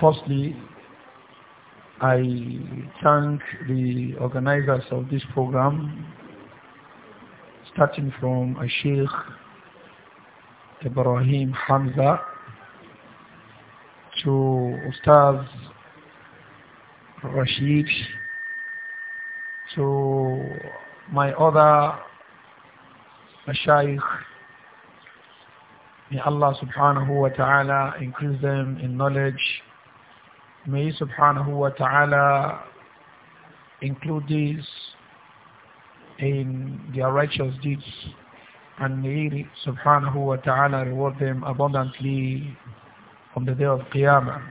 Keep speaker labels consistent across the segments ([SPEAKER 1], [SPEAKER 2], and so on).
[SPEAKER 1] Firstly, I thank the organizers of this program, starting from Sheikh Ibrahim Hamza to Ustaz Rashid to my other Mashaykh. May Allah subhanahu wa ta'ala increase them in knowledge May subhanahu wa ta'ala include these in their righteous deeds and may subhanahu wa ta'ala reward them abundantly on the day of Qiyamah.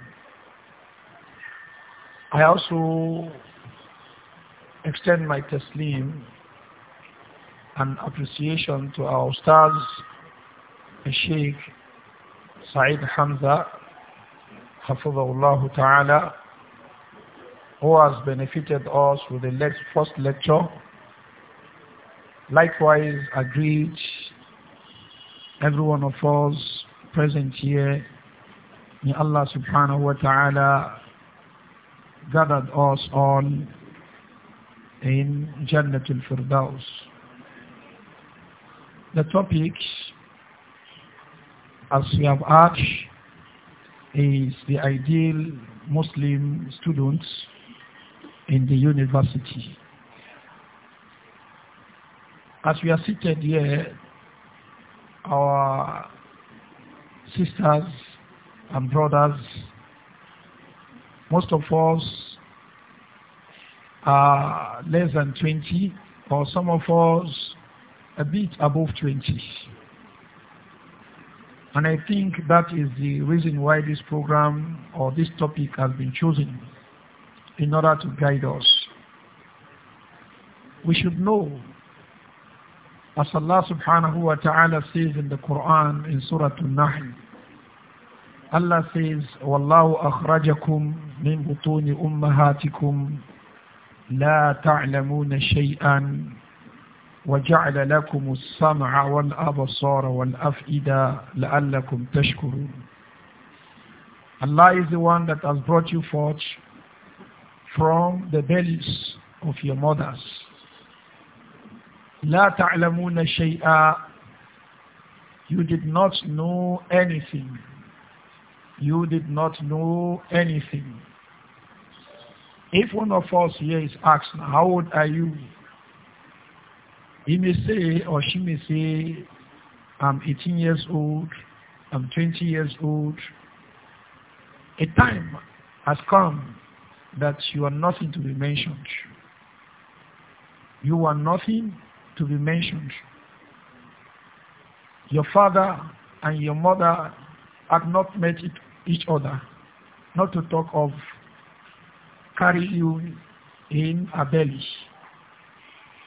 [SPEAKER 1] I also extend my taslim and appreciation to our stars, Sheikh Saeed Hamza Hafizahullah Ta'ala, who has benefited us with the first lecture, likewise agreed every one of us present here. May Allah subhanahu wa ta'ala gathered us all in al Firdaus. The topic, as we have asked, is the ideal Muslim student in the university. As we are seated here, our sisters and brothers, most of us are less than 20 or some of us a bit above 20. And I think that is the reason why this program or this topic has been chosen in order to guide us. We should know, as Allah subhanahu wa ta'ala says in the Quran in Surah Al-Nahl, Allah says, وَاللَّهُ أَخْرَجَكُم مِّن بُطُونِ أُمَّهَاتِكُمْ لَا تَعْلَمُونَ شَيْئًا وجعل لكم السمع والأبصار والأفئدة لعلكم تشكرون Allah is the one that has brought you forth from the bellies of your mothers. لا تعلمون شيئا You did not know anything. You did not know anything. If one of us here is asked, how old are you? He may say or she may say, I'm 18 years old, I'm 20 years old. A time has come that you are nothing to be mentioned. You are nothing to be mentioned. Your father and your mother have not met each other, not to talk of carrying you in a belly.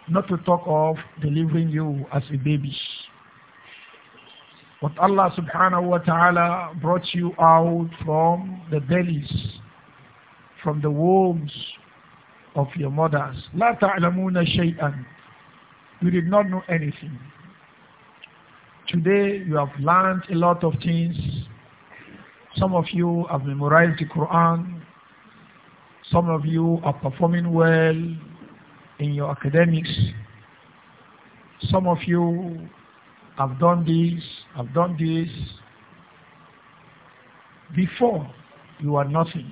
[SPEAKER 1] not to talk of delivering you as a baby. But Allah subhanahu wa ta'ala brought you out from the bellies, from the wombs of your mothers. La ta'lamuna shay'an. You did not know anything. Today you have learned a lot of things. Some of you have memorized the Quran. Some of you are performing well in your academics. Some of you have done this, have done this. Before, you are nothing.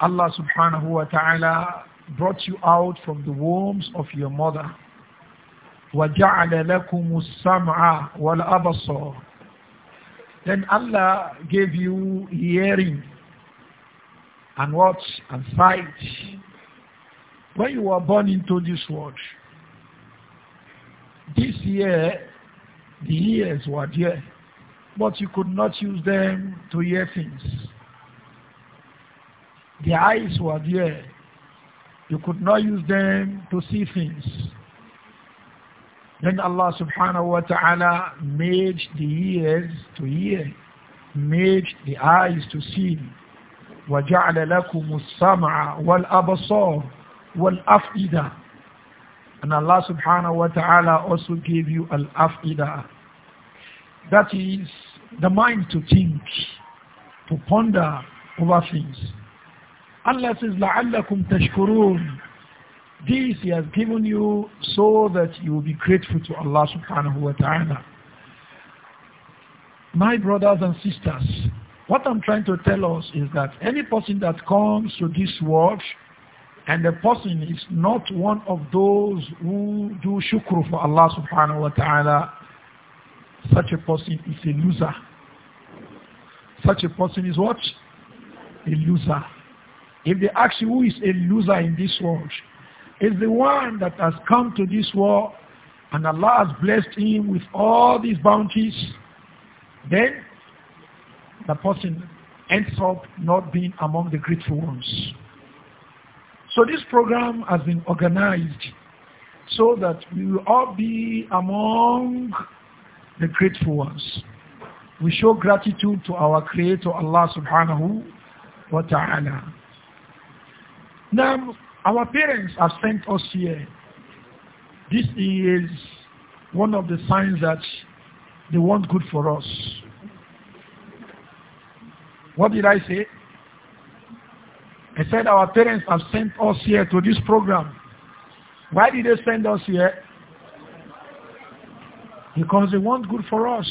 [SPEAKER 1] Allah subhanahu wa ta'ala brought you out from the wombs of your mother. وَجَعَلَ لَكُمُ السَّمْعَ وَالْأَبَصَرَ Then Allah gave you hearing and watch and sight. When you were born into this world, this year, the ears were there, but you could not use them to hear things. The eyes were there, you could not use them to see things. Then Allah subhanahu wa ta'ala made the ears to hear, made the eyes to see. وَجَعْلَ لَكُمُ السَّمْعَ وَالْأَبَصَارِ wal And Allah subhanahu wa ta'ala also gave you al-afida. That is the mind to think, to ponder over things. Allah says, لَعَلَّكُمْ tashkurun." This He has given you so that you will be grateful to Allah subhanahu wa ta'ala. My brothers and sisters, what I'm trying to tell us is that any person that comes to this world and the person is not one of those who do shukr for Allah subhanahu wa ta'ala, such a person is a loser. Such a person is what? A loser. If they ask you who is a loser in this world, it's the one that has come to this world and Allah has blessed him with all these bounties, then the person ends up not being among the grateful ones. So this program has been organized so that we will all be among the grateful ones. We show gratitude to our Creator Allah subhanahu wa ta'ala. Now, our parents have sent us here. This is one of the signs that they want good for us. What did I say? I said, our parents have sent us here to this program. Why did they send us here? Because they want good for us.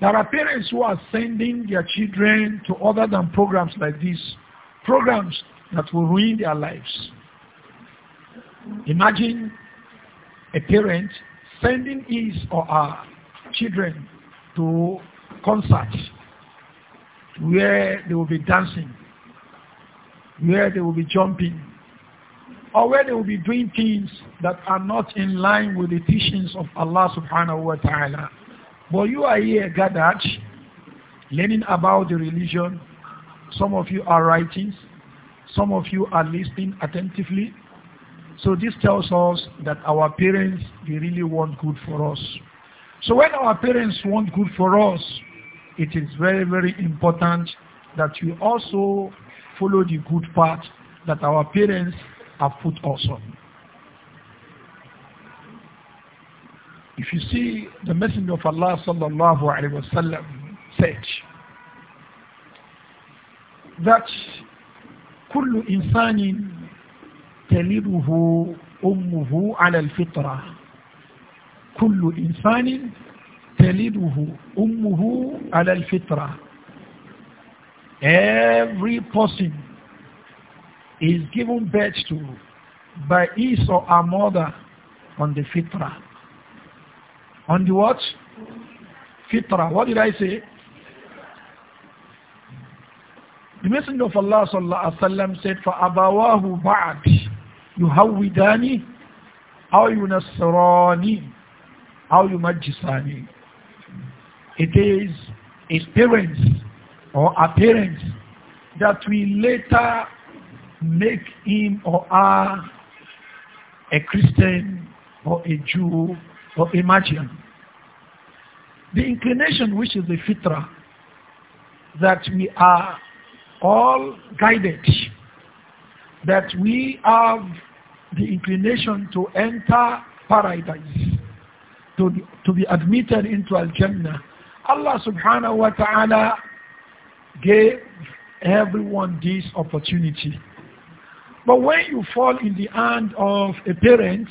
[SPEAKER 1] There are parents who are sending their children to other than programs like this. Programs that will ruin their lives. Imagine a parent sending his or her children to concerts where they will be dancing where they will be jumping or where they will be doing things that are not in line with the teachings of Allah subhanahu wa ta'ala. But you are here gathered, learning about the religion. Some of you are writing, some of you are listening attentively. So this tells us that our parents, they really want good for us. So when our parents want good for us, it is very, very important that you also follow the good path that our parents have put us on. If you see the Messenger of Allah sallallahu wa sallam said that كل إنسان تلده أمه على الفطرة كل إنسان تلده أمه على الفطرة Every person is given birth to by his or her mother on the fitra. On the what? Fitra. What did I say? The Messenger of Allah sallallahu alaihi wasallam said, فَأَبَوَاهُ How you أَوْ How you يُمَجِّسَانِ It is his parents or appearance that will later make him or her a Christian or a Jew or a Magian. The inclination which is the fitra that we are all guided, that we have the inclination to enter paradise, to, to be admitted into Al-Jannah. Allah subhanahu wa ta'ala gave everyone this opportunity. But when you fall in the hand of a parent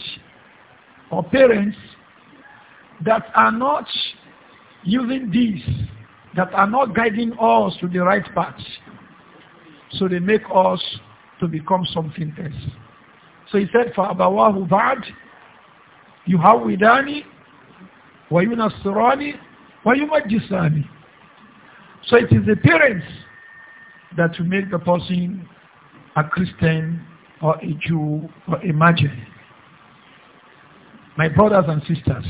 [SPEAKER 1] or parents that are not using this, that are not guiding us to the right path, so they make us to become something else. So he said, for bad, you have فَأَبَوَاهُ بَعْدْ يُهَوِّدَانِ وَيُنَصِّرَانِ وَيُمَجِّسَانِ So it is the parents that will make the person a Christian or a Jew or a Magian. My brothers and sisters,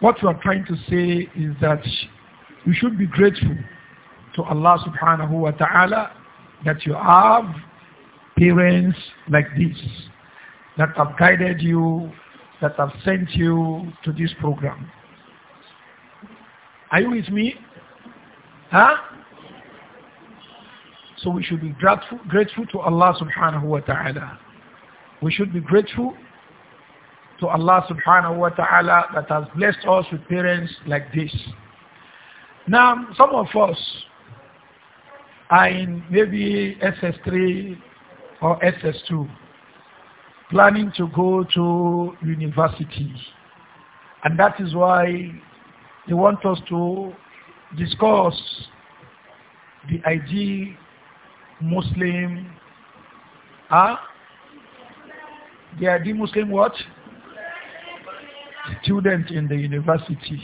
[SPEAKER 1] what we are trying to say is that you should be grateful to Allah subhanahu wa ta'ala that you have parents like this that have guided you, that have sent you to this program. Are you with me? Huh? So we should be grateful, grateful to Allah subhanahu wa ta'ala. We should be grateful to Allah subhanahu wa ta'ala that has blessed us with parents like this. Now, some of us are in maybe SS3 or SS2 planning to go to university. And that is why they want us to discuss the ideal Muslim, huh? the ideal Muslim what? Student in the university.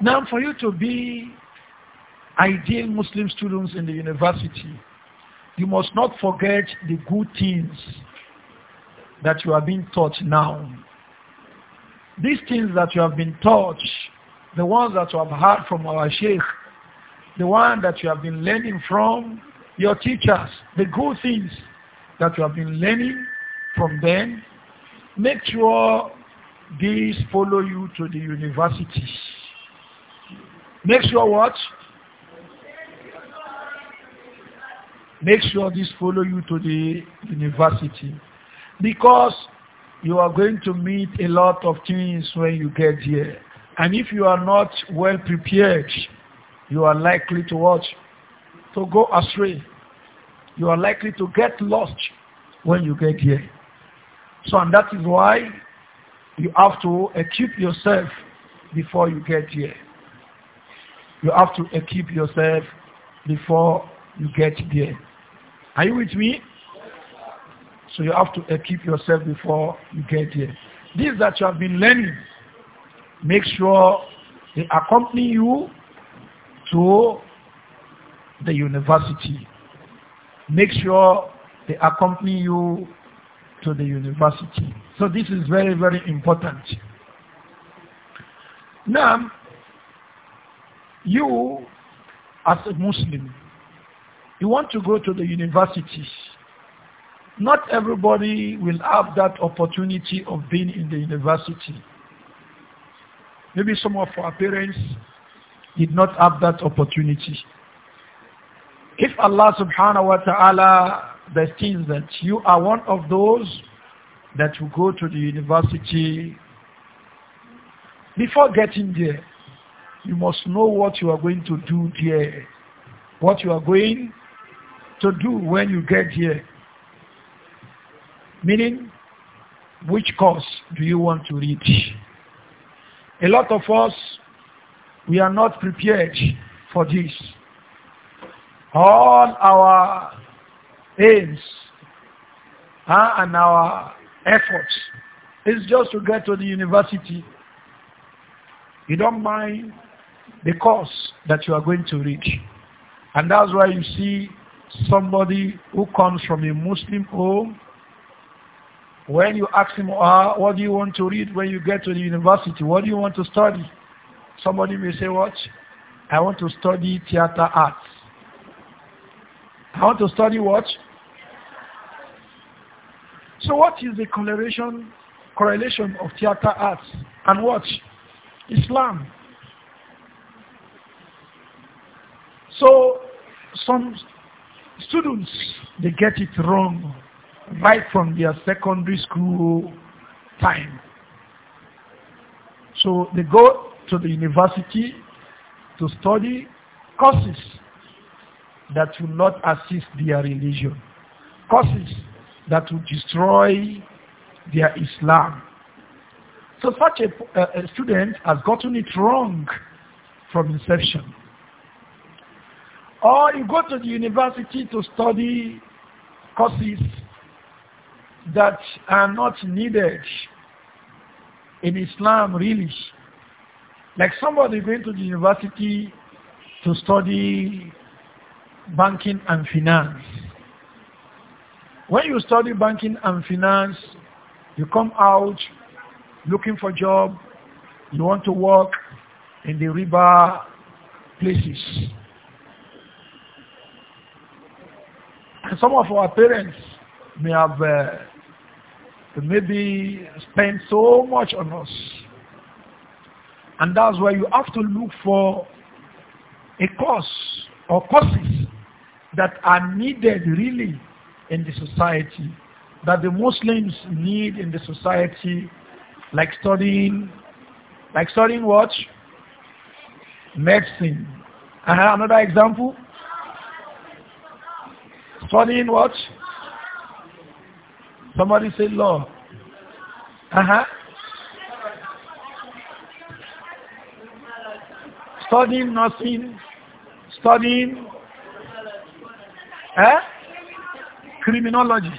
[SPEAKER 1] Now for you to be ideal Muslim students in the university, you must not forget the good things that you are being taught now. These things that you have been taught the ones that you have heard from our sheikh, the one that you have been learning from your teachers, the good things that you have been learning from them, make sure these follow you to the universities. Make sure what? Make sure these follow you to the university. Because you are going to meet a lot of things when you get here. And if you are not well prepared, you are likely to watch To go astray. You are likely to get lost when you get here. So and that is why you have to equip yourself before you get here. You have to equip yourself before you get here. Are you with me? So you have to equip yourself before you get here. This that you have been learning make sure they accompany you to the university. Make sure they accompany you to the university. So this is very, very important. Now, you as a Muslim, you want to go to the university. Not everybody will have that opportunity of being in the university. Maybe some of our parents did not have that opportunity. If Allah subhanahu wa ta'ala destines that you are one of those that will go to the university, before getting there, you must know what you are going to do there, what you are going to do when you get here. Meaning, which course do you want to reach? A lot of us, we are not prepared for this. All our aims uh, and our efforts is just to get to the university. You don't mind the course that you are going to reach. And that's why you see somebody who comes from a Muslim home When you ask him, ah, what do you want to read when you get to the university? What do you want to study? Somebody may say, what? I want to study theater arts. I want to study what? So what is the correlation, correlation of theater arts and what? Islam. So some students, they get it wrong right from their secondary school time. So they go to the university to study courses that will not assist their religion, courses that will destroy their Islam. So such a, a student has gotten it wrong from inception. Or you go to the university to study courses that are not needed in Islam really. Like somebody going to the university to study banking and finance. When you study banking and finance, you come out looking for job, you want to work in the river places. And some of our parents may have uh, to maybe spend so much on us. And that's why you have to look for a cause or causes that are needed really in the society, that the Muslims need in the society, like studying, like studying what? Medicine. Uh, another example? Studying what? Somebody say law. Uh-huh. Studying nursing, studying eh? criminology.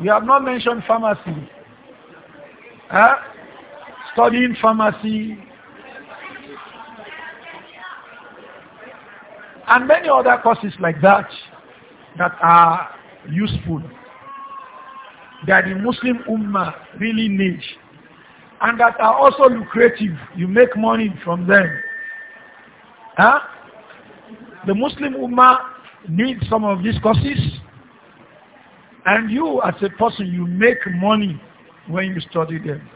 [SPEAKER 1] You have not mentioned pharmacy. Eh? Studying pharmacy, and many other courses like that that are useful that the Muslim Ummah really needs and that are also lucrative. You make money from them. Huh? The Muslim Ummah needs some of these courses and you as a person, you make money when you study them.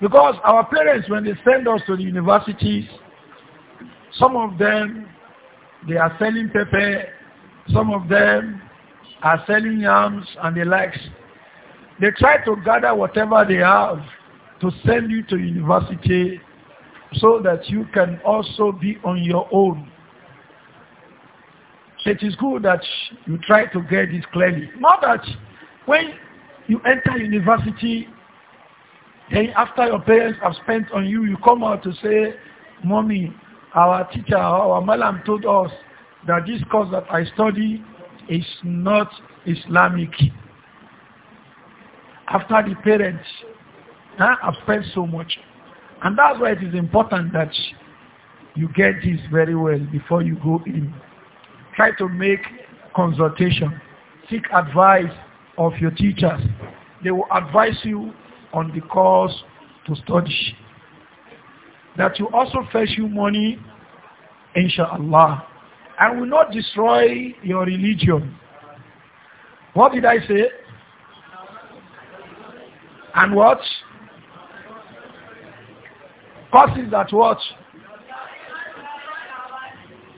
[SPEAKER 1] Because our parents, when they send us to the universities, some of them They are selling pepper. Some of them are selling yams and the likes. They try to gather whatever they have to send you to university so that you can also be on your own. it is good that you try to get this clearly. Not that when you enter university, then after your parents have spent on you, you come out to say, Mommy, our teacher, our Malam told us that this course that I study is not Islamic. After the parents huh, have spent so much. And that's why it is important that you get this very well before you go in. Try to make consultation. Seek advice of your teachers. They will advise you on the course to study that will also fetch you money, inshallah. And will not destroy your religion. What did I say? And what? Causes that what?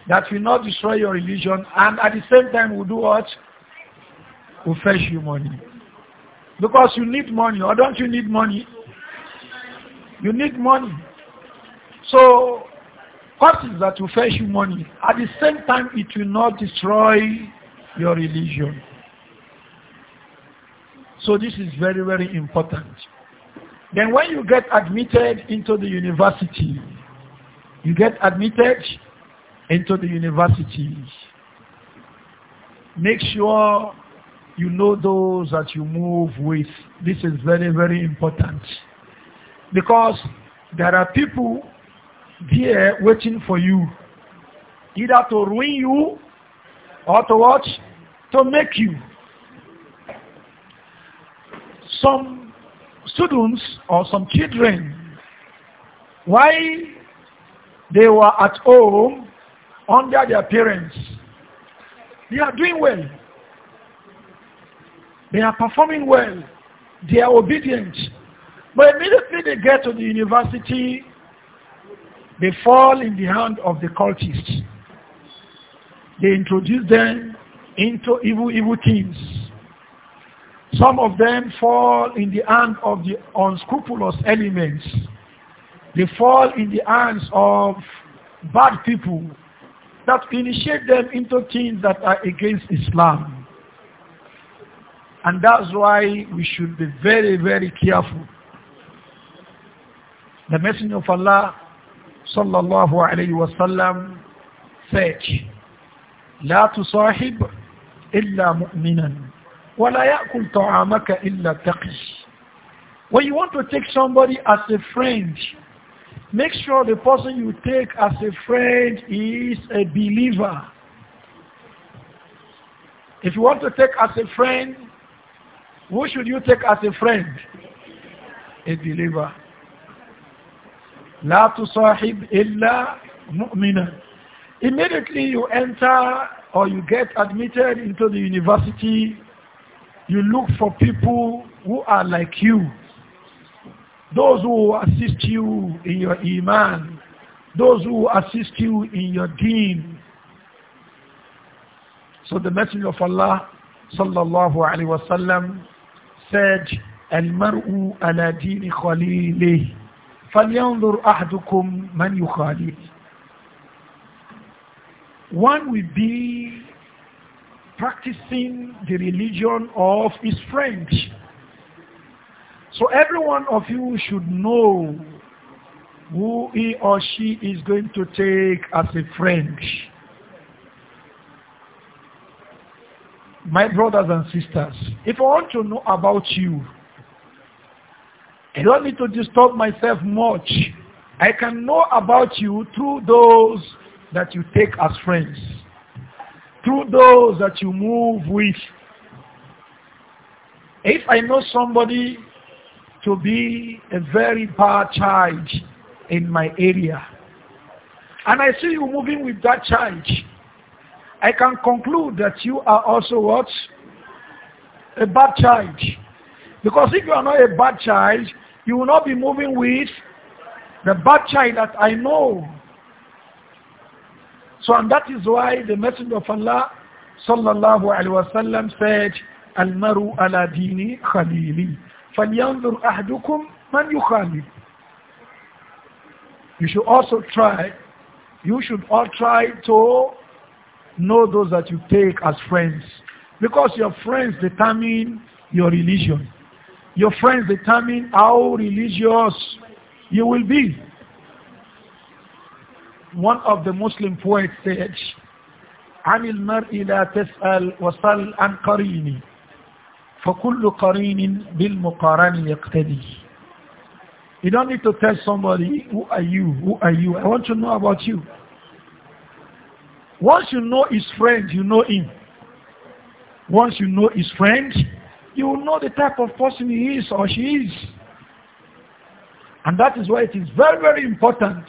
[SPEAKER 1] That will not destroy your religion and at the same time will do what? Will fetch you money. Because you need money or don't you need money? You need money. So, what is that you fetch you money? At the same time, it will not destroy your religion. So this is very, very important. Then when you get admitted into the university, you get admitted into the university. Make sure you know those that you move with. This is very, very important. Because there are people there waiting for you. Either to ruin you or to watch, to make you. Some students or some children, while they were at home under their parents, they are doing well. They are performing well. They are obedient. But immediately they get to the university, They fall in the hand of the cultists. They introduce them into evil, evil things. Some of them fall in the hand of the unscrupulous elements. They fall in the hands of bad people that initiate them into things that are against Islam. And that's why we should be very, very careful. The Messenger of Allah sallallahu alayhi wa sallam said, لا When you want to take somebody as a friend, make sure the person you take as a friend is a believer. If you want to take as a friend, who should you take as a friend? A believer. La tusahib illa mu'mina. Immediately you enter or you get admitted into the university, you look for people who are like you. Those who assist you in your iman. Those who assist you in your deen. So the Messenger of Allah sallallahu alayhi wa sallam said, Al-mar'u one will be practicing the religion of his friend. So every one of you should know who he or she is going to take as a friend. My brothers and sisters, if I want to know about you, I don't need to disturb myself much. I can know about you through those that you take as friends, through those that you move with. If I know somebody to be a very bad child in my area, and I see you moving with that child, I can conclude that you are also what? A bad child. Because if you are not a bad child, You will not be moving with the bad child that I know. So and that is why the Messenger of Allah sallallahu alayhi wasallam said, Al-maru ala dini khalili. فَلْيَنْظُرْ أَحْدُكُمْ مَنْ يُخَالِلُ You should also try, you should all try to know those that you take as friends. Because your friends determine your religion. Your friends determine how religious you will be. One of the Muslim poets said, عن المرء لا تسأل وصل عن قريني فكل قرين بالمقارن يقتدي You don't need to tell somebody, who are you? Who are you? I want to know about you. Once you know his friend, you know him. Once you know his friend, you will know the type of person he is or she is. And that is why it is very, very important.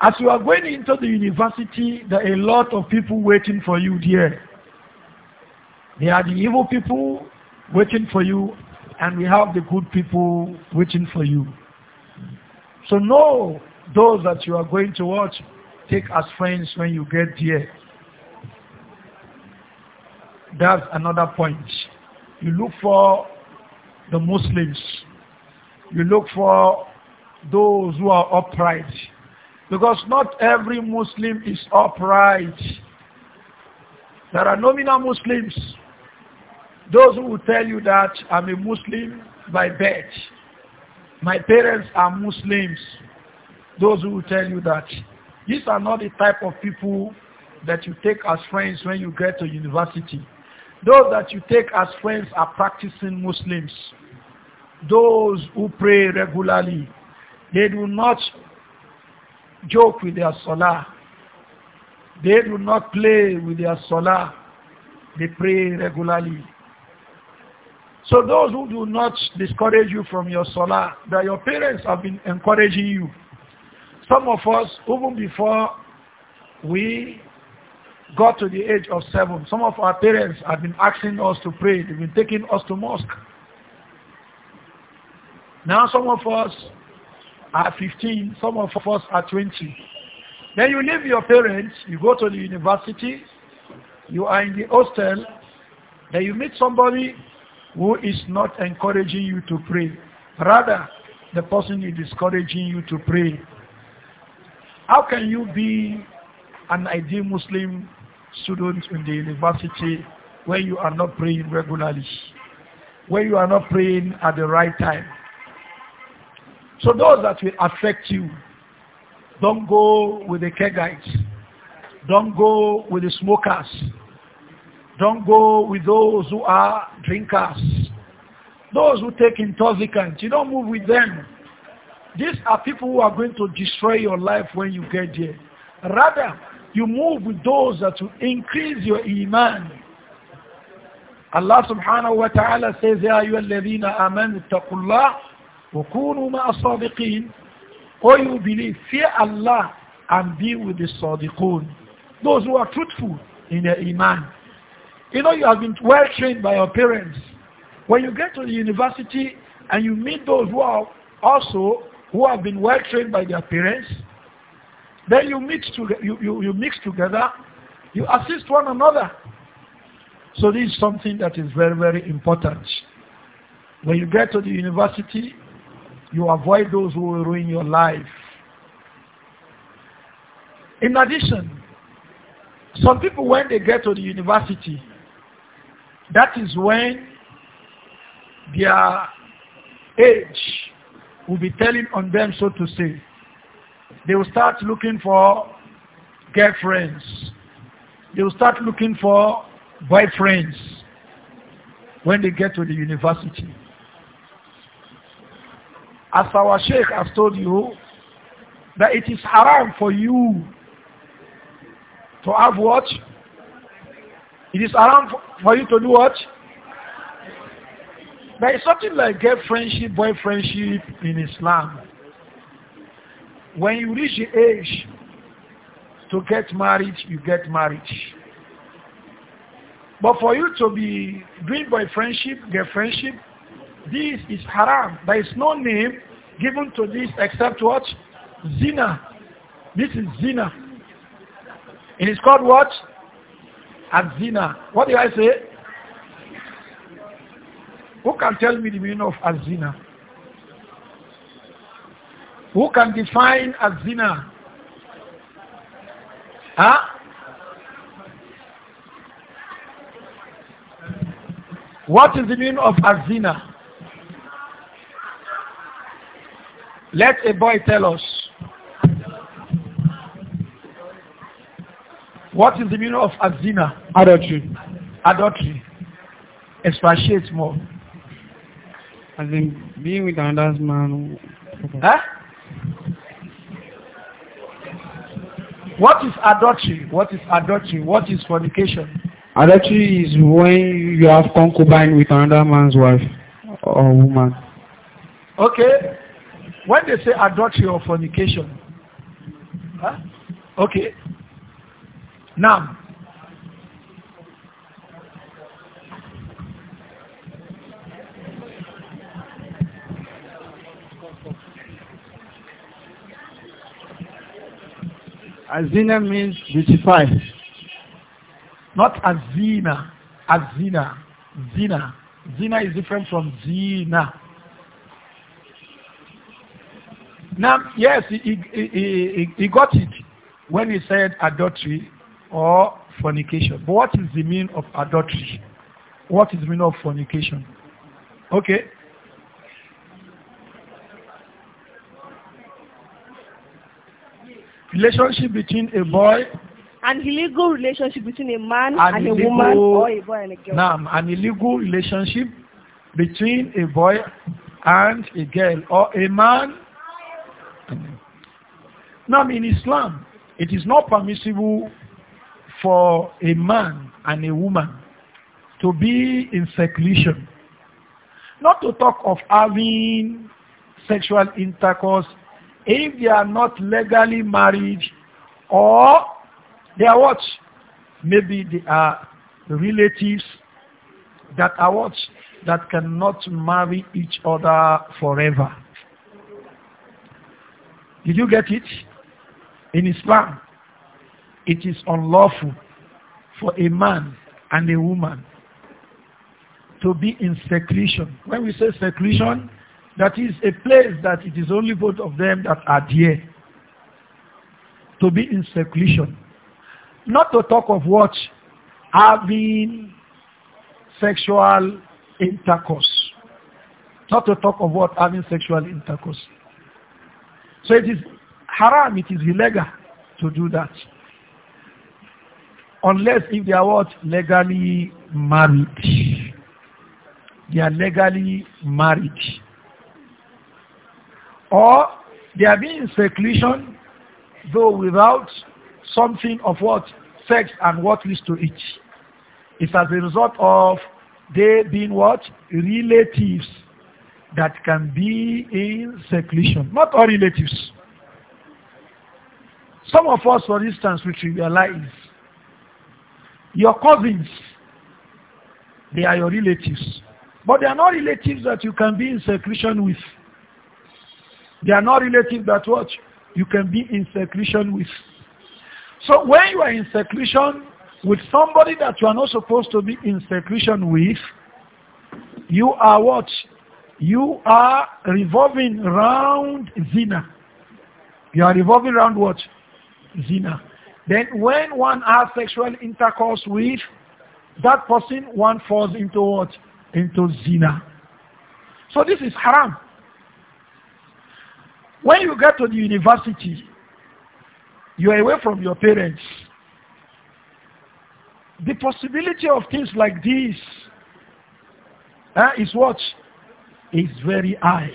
[SPEAKER 1] As you are going into the university, there are a lot of people waiting for you there. There are the evil people waiting for you, and we have the good people waiting for you. So know those that you are going to watch, take as friends when you get there. That's another point. You look for the Muslims. You look for those who are upright. Because not every Muslim is upright. There are nominal Muslims. Those who will tell you that I'm a Muslim by birth. My parents are Muslims. Those who will tell you that. These are not the type of people that you take as friends when you get to university. Those that you take as friends are practicing Muslims. Those who pray regularly. They do not joke with their salah. They do not play with their salah. They pray regularly. So those who do not discourage you from your salah, that your parents have been encouraging you. Some of us, even before we got to the age of seven, some of our parents have been asking us to pray. They've been taking us to mosque. Now some of us are 15, some of us are 20. Then you leave your parents, you go to the university, you are in the hostel, then you meet somebody who is not encouraging you to pray. Rather, the person is discouraging you to pray. How can you be an ideal Muslim students in the university when you are not praying regularly, when you are not praying at the right time. So those that will affect you, don't go with the Kegites. Don't go with the smokers. Don't go with those who are drinkers. Those who take intoxicants, you don't move with them. These are people who are going to destroy your life when you get there. Rather, you move with those that will increase your iman. Allah subhanahu wa ta'ala says, Ya ayyuha alladhina amanu taqullah wa kunu ma'a sadiqin. O you believe, fear Allah and be with the sadiqun. Those who are truthful in their iman. You know, you have been well trained by your parents. When you get to the university and you meet those who are also, who have been well trained by their parents, Then you mix, to, you, you, you mix together, you assist one another. So this is something that is very, very important. When you get to the university, you avoid those who will ruin your life. In addition, some people when they get to the university, that is when their age will be telling on them, so to say, they will start looking for girlfriends. They will start looking for boyfriends when they get to the university. As our sheikh has told you, that it is haram for you to have what? It is haram for you to do what? There is something like girl friendship, boy friendship in Islam. When you reach the age to get married, you get married. But for you to be doing get friendship, this is haram. There is no name given to this except what? Zina. This is zina. It is called what? Azina. What do I say? Who can tell me the meaning of azina? who can define as zina? Huh? What is the meaning of zina? Let a boy tell us. What is the meaning of zina? Adultery. Adultery. Expatiate more. As in being with another man. Huh? What is adultery? What is adultery? What is fornication? Adultery is when you have concubine with another man's wife
[SPEAKER 2] or woman.
[SPEAKER 1] Okay. When they say adultery or fornication, huh? okay. Now, Azina means beautify. Not azina. Azina. Zina. Zina is different from zina. Now, yes, he, he, he, he got it when he said adultery or fornication. But what is the meaning of adultery? What is the meaning of fornication? Okay. relationship between a boy
[SPEAKER 3] an illegal relationship between a man an and illegal, a woman or a boy and a girl. Naam,
[SPEAKER 1] an illegal relationship between a boy and a girl or a man. Naam, in Islam, it is not permissible for a man and a woman to be in seclusion. Not to talk of having sexual intercourse if they are not legally married or they are what? Maybe they are relatives that are what? That cannot marry each other forever. Did you get it? In Islam, it is unlawful for a man and a woman to be in seclusion. When we say seclusion, That is a place that it is only both of them that are there to be in seclusion, Not to talk of what? Having sexual intercourse. Not to talk of what? Having sexual intercourse. So it is haram, it is illegal to do that. Unless if they are what? Legally married. They are legally married. Or they are being in seclusion, though without something of what? Sex and what is to it. It's as a result of they being what? Relatives that can be in seclusion. Not all relatives. Some of us, for instance, which we realize, your cousins, they are your relatives. But they are not relatives that you can be in seclusion with. They are not related. that what you can be in seclusion with. So when you are in seclusion with somebody that you are not supposed to be in seclusion with, you are what? You are revolving round zina. You are revolving round what? Zina. Then when one has sexual intercourse with that person, one falls into what? Into zina. So this is haram. When you get to the university, you are away from your parents. The possibility of things like this uh, is what? Is very high.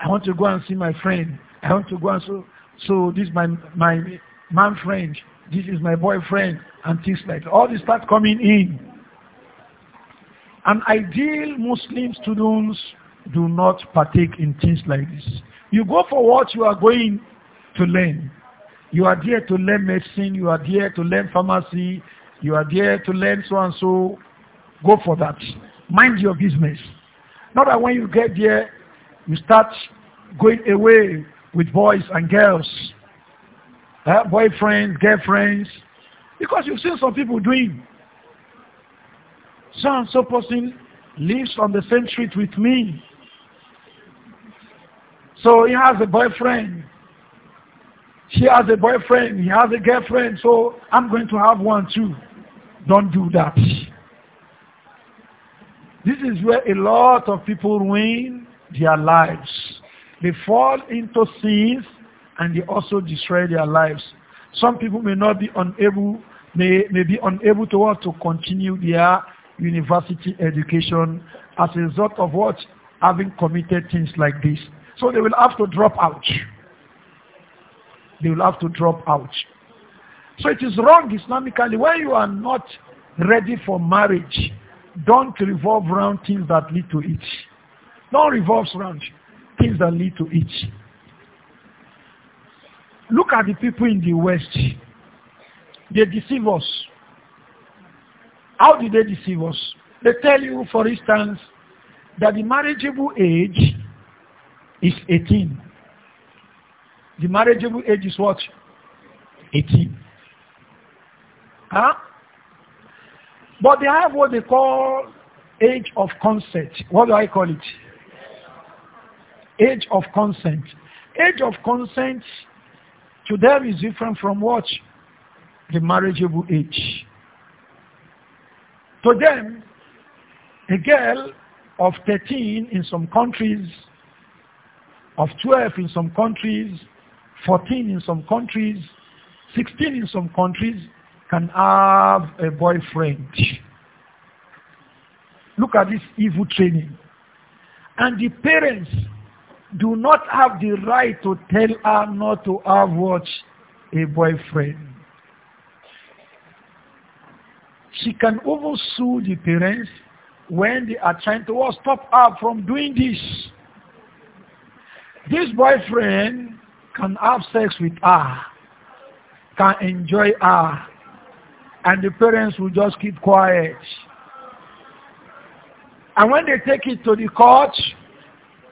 [SPEAKER 1] I want to go and see my friend. I want to go and so, so this is my, my man friend. This is my boyfriend and things like that. All this start coming in. An ideal Muslim students do not partake in things like this. You go for what you are going to learn. You are there to learn medicine. You are there to learn pharmacy. You are there to learn so and so. Go for that. Mind your business. Not that when you get there, you start going away with boys and girls, uh, boyfriends, girlfriends, because you've seen some people doing. So and so person lives on the same street with me. So he has a boyfriend. She has a boyfriend. He has a girlfriend. So I'm going to have one too. Don't do that. This is where a lot of people ruin their lives. They fall into sins and they also destroy their lives. Some people may not be unable, may, may be unable to, want to continue their university education as a result of what? Having committed things like this. So they will have to drop out. They will have to drop out. So it is wrong Islamically. When you are not ready for marriage, don't revolve around things that lead to it. Don't revolve around things that lead to it. Look at the people in the West. They deceive us. How do they deceive us? They tell you, for instance, that the marriageable age is 18. The marriageable age is what? 18. Huh? But they have what they call age of consent. What do I call it? Age of consent. Age of consent to them is different from what? The marriageable age. To them, a girl of 13 in some countries of 12 in some countries, 14 in some countries, 16 in some countries can have a boyfriend. Look at this evil training. And the parents do not have the right to tell her not to have what? A boyfriend. She can even sue the parents when they are trying to oh, stop her from doing this. This boyfriend can have sex with her, can enjoy her, and the parents will just keep quiet. And when they take it to the court,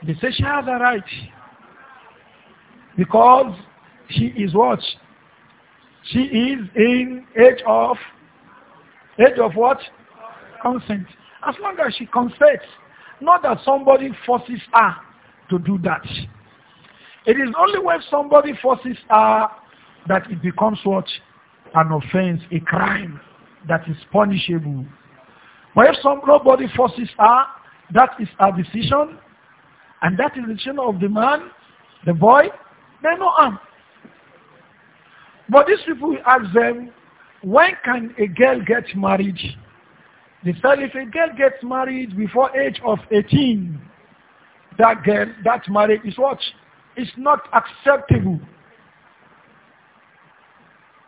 [SPEAKER 1] they say she has a right. Because she is what? She is in age of, age of what? Consent. As long as she consents, not that somebody forces her to do that. It is only when somebody forces her that it becomes what? An offense, a crime that is punishable. But if some nobody forces her, that is her decision, and that is the decision of the man, the boy, they no harm. But these people ask them, when can a girl get married? They said if a girl gets married before age of 18, that girl, that marriage is what? is not acceptable.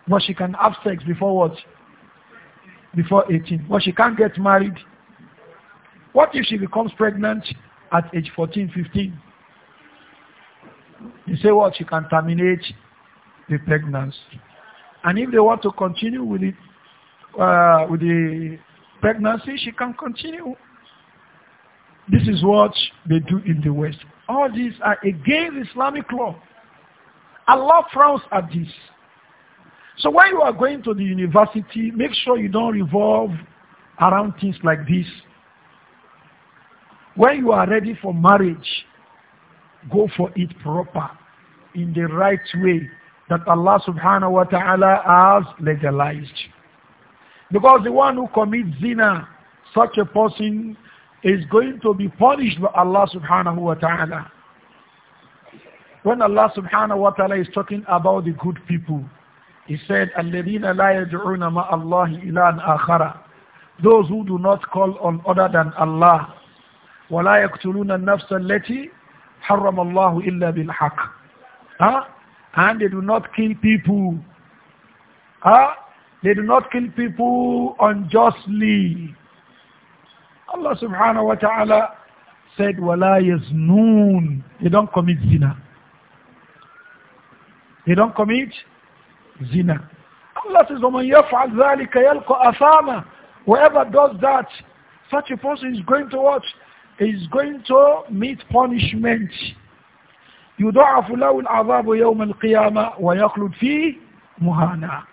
[SPEAKER 1] But she can have sex before what? Before 18. But she can't get married. What if she becomes pregnant at age 14, 15? You say what? She can terminate the pregnancy. And if they want to continue with it, uh, with the pregnancy, she can continue. This is what they do in the West. All these are against Islamic law. Allah frowns at this. So when you are going to the university, make sure you don't revolve around things like this. When you are ready for marriage, go for it proper, in the right way that Allah subhanahu wa ta'ala has legalized. Because the one who commits zina, such a person is going to be punished by Allah subhanahu wa ta'ala. When Allah subhanahu wa ta'ala is talking about the good people, He said, الَّذِينَ لَا يَدْعُونَ مَا اللَّهِ إِلَىٰ آخَرَ Those who do not call on other than Allah. وَلَا يَقْتُلُونَ النَّفْسَ الَّتِي حَرَّمَ اللَّهُ إِلَّا بِالْحَقِّ huh? And they do not kill people. Huh? They do not kill people unjustly. Allah subhanahu wa ta'ala said, وَلَا يَزْنُونَ They don't commit zina. They don't commit zina. Allah says, وَمَنْ يَفْعَلْ ذَلِكَ يَلْقَ أَثَامًا Whoever does that, such a person is going to what? Is going to meet punishment. يُضَعَفُ لَهُ الْعَذَابُ يَوْمَ الْقِيَامَةِ وَيَخْلُدْ فِيهِ مُهَانًا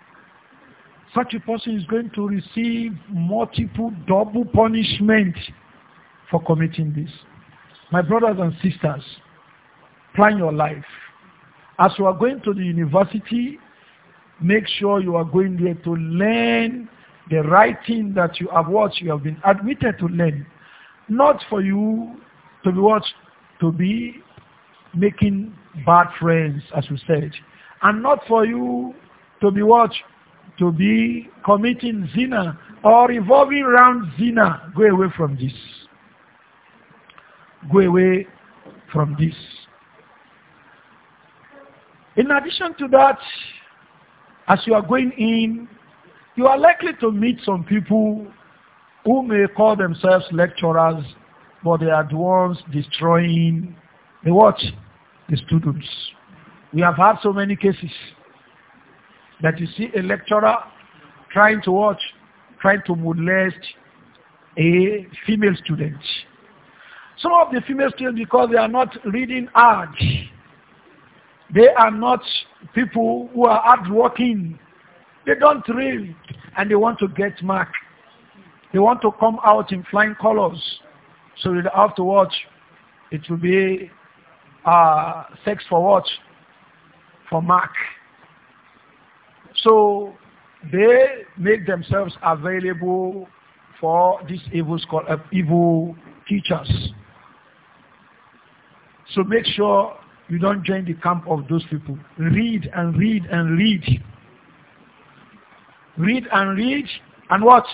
[SPEAKER 1] such a person is going to receive multiple double punishment for committing this. My brothers and sisters, plan your life. As you are going to the university, make sure you are going there to learn the right thing that you have watched. you have been admitted to learn. Not for you to be watched To be making bad friends, as we said. And not for you to be watched to be committing zina or revolving around zina. Go away from this. Go away from this. In addition to that, as you are going in, you are likely to meet some people who may call themselves lecturers, but they are the ones destroying the what? The students. We have had so many cases that you see a lecturer trying to watch, trying to molest a female student. Some of the female students, because they are not reading hard, they are not people who are hardworking. They don't read and they want to get mark. They want to come out in flying colors. So they have to watch. It will be uh, sex for what? For mark. So they make themselves available for these evil, uh, evil teachers. So make sure you don't join the camp of those people. Read and read and read. Read and read and what?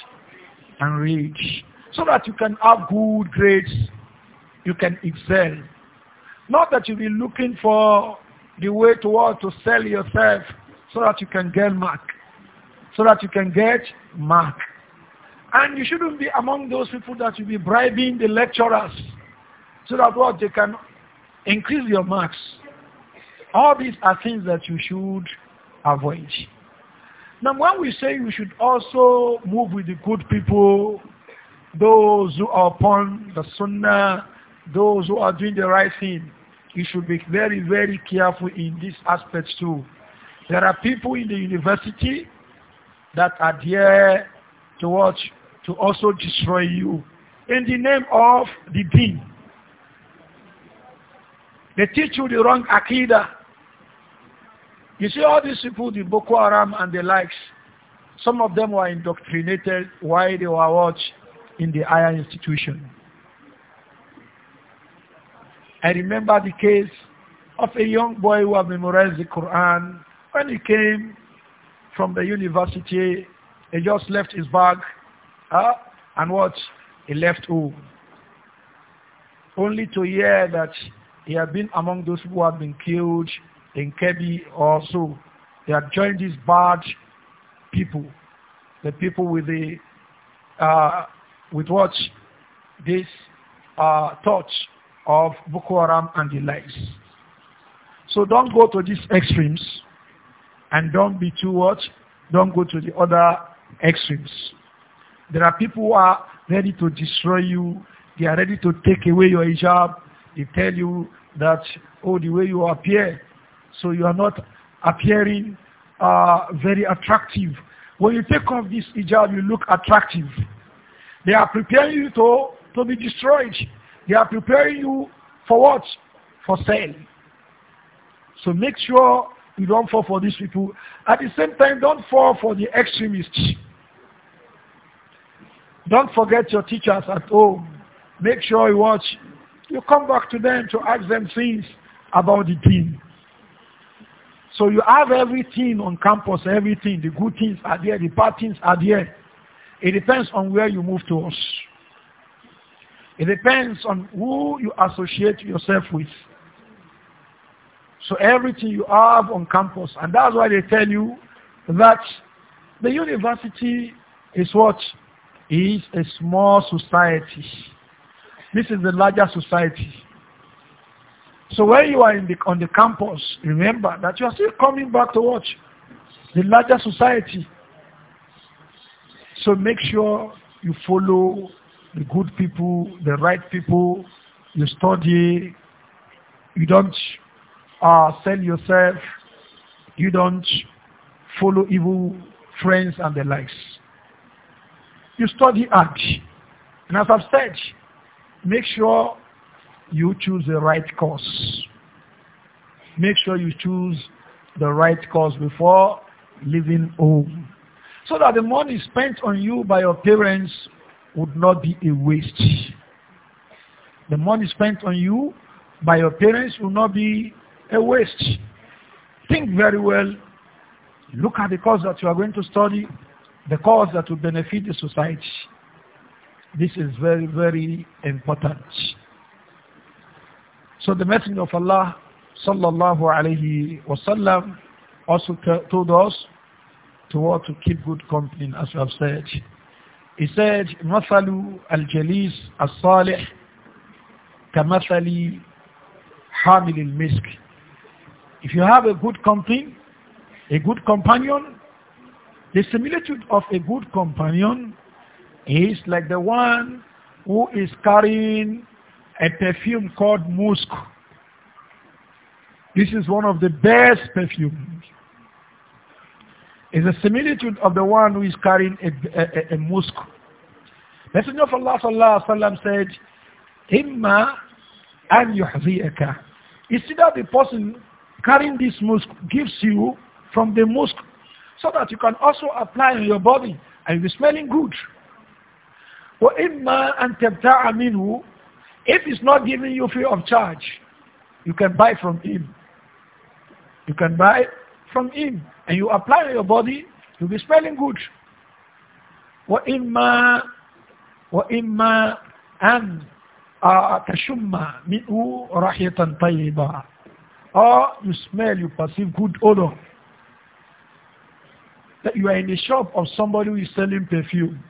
[SPEAKER 1] And read. So that you can have good grades. You can excel. Not that you will be looking for the way to what to sell yourself so that you can get mark. So that you can get mark. And you shouldn't be among those people that will be bribing the lecturers so that what they can increase your marks. All these are things that you should avoid. Now, when we say you should also move with the good people, those who are upon the sunnah, those who are doing the right thing, you should be very, very careful in these aspects too. There are people in the university that adhere to what? To also destroy you in the name of the deen. They teach you the wrong akida. You see all these people, the Boko Haram and the likes, some of them were indoctrinated while they were watched In the higher institution. I remember the case of a young boy who had memorized the Quran When he came from the university, he just left his bag uh, and what? He left home. Only to hear that he had been among those who had been killed in Kebi also. He had joined these bad people, the people with the uh, with what this uh, thought of Boko Haram and the likes. So don't go to these extremes. And don't be too what? Don't go to the other extremes. There are people who are ready to destroy you. They are ready to take away your hijab. They tell you that, oh, the way you appear, so you are not appearing uh, very attractive. When you take off this hijab, you look attractive. They are preparing you to, to be destroyed. They are preparing you for what? For sale. So make sure You don't fall for these people. At the same time, don't fall for the extremists. Don't forget your teachers at home. Make sure you watch. You come back to them to ask them things about the team. So you have everything on campus, everything. The good things are there, the bad things are there. It depends on where you move to us. It depends on who you associate yourself with. So everything you have on campus. And that's why they tell you that the university is what? Is a small society. This is the larger society. So when you are in the, on the campus, remember that you are still coming back to watch the larger society. So make sure you follow the good people, the right people, you study, you don't uh, sell yourself, you don't follow evil friends and the likes. You study art. And as I've said, make sure you choose the right course. Make sure you choose the right course before leaving home. So that the money spent on you by your parents would not be a waste. The money spent on you by your parents will not be a waste. Think very well. Look at the course that you are going to study, the course that will benefit the society. This is very, very important. So the Messenger of Allah sallallahu alayhi wasallam also told us to want to keep good company as we have said. He said, مثل الجليس الصالح كمثل حامل المسك if you have a good company, a good companion, the similitude of a good companion is like the one who is carrying a perfume called musk. This is one of the best perfumes. It's a similitude of the one who is carrying a, a, a, musk. Messenger of Allah sallallahu alaihi wasallam said, "Imma an yuhziyaka." It's either the person carrying this musk gives you from the musk so that you can also apply on your body and you'll smelling good. وَإِمَّا If it's not giving you free of charge, you can buy from him. You can buy from him and you apply on your body, you'll be smelling good. وَإِمَّا وَإِمَّا أَن تَشُمَّ مِنْهُ رَحْيَةً طَيِّبًا or you smell, you perceive good odor. That you are in the shop of somebody who is selling perfume.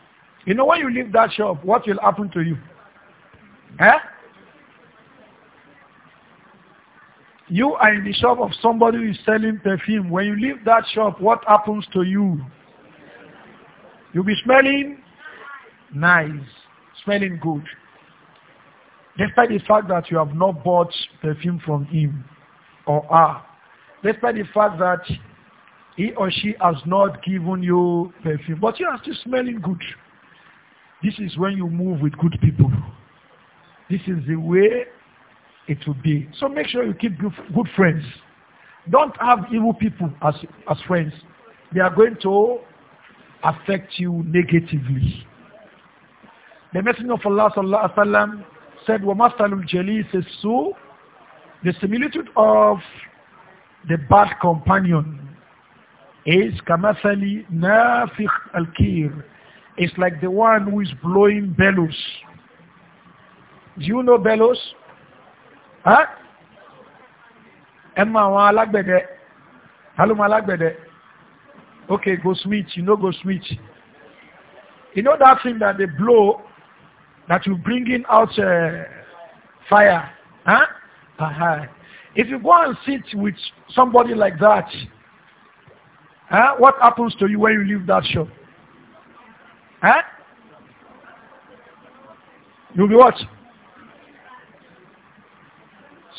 [SPEAKER 1] You know when you leave that shop, what will happen to you? Huh? Eh? You are in the shop of somebody who is selling perfume. When you leave that shop, what happens to you? You'll be smelling nice, smelling good. Despite the fact that you have not bought perfume from him. or are, despite the fact that he or she has not given you perfume, but you are still smelling good. This is when you move with good people. This is the way it will be. So make sure you keep good friends. Don't have evil people as, as friends. They are going to affect you negatively. The Messenger of Allah sallallahu alaihi wasallam said, "Wa masalul jalis su The similitude of the bad companion is kamathali nafikh al-kir. It's like the one who is blowing bellows. Do you know bellows? Huh? Emma àwọn alágbẹ̀dẹ. Hello, my alágbẹ̀dẹ. Okay, go switch. You know, go switch. You know that thing that they blow that will bring in out uh, fire? Huh? Uh -huh. If you go and sit with somebody like that, huh, what happens to you when you leave that shop? Huh? You'll be what?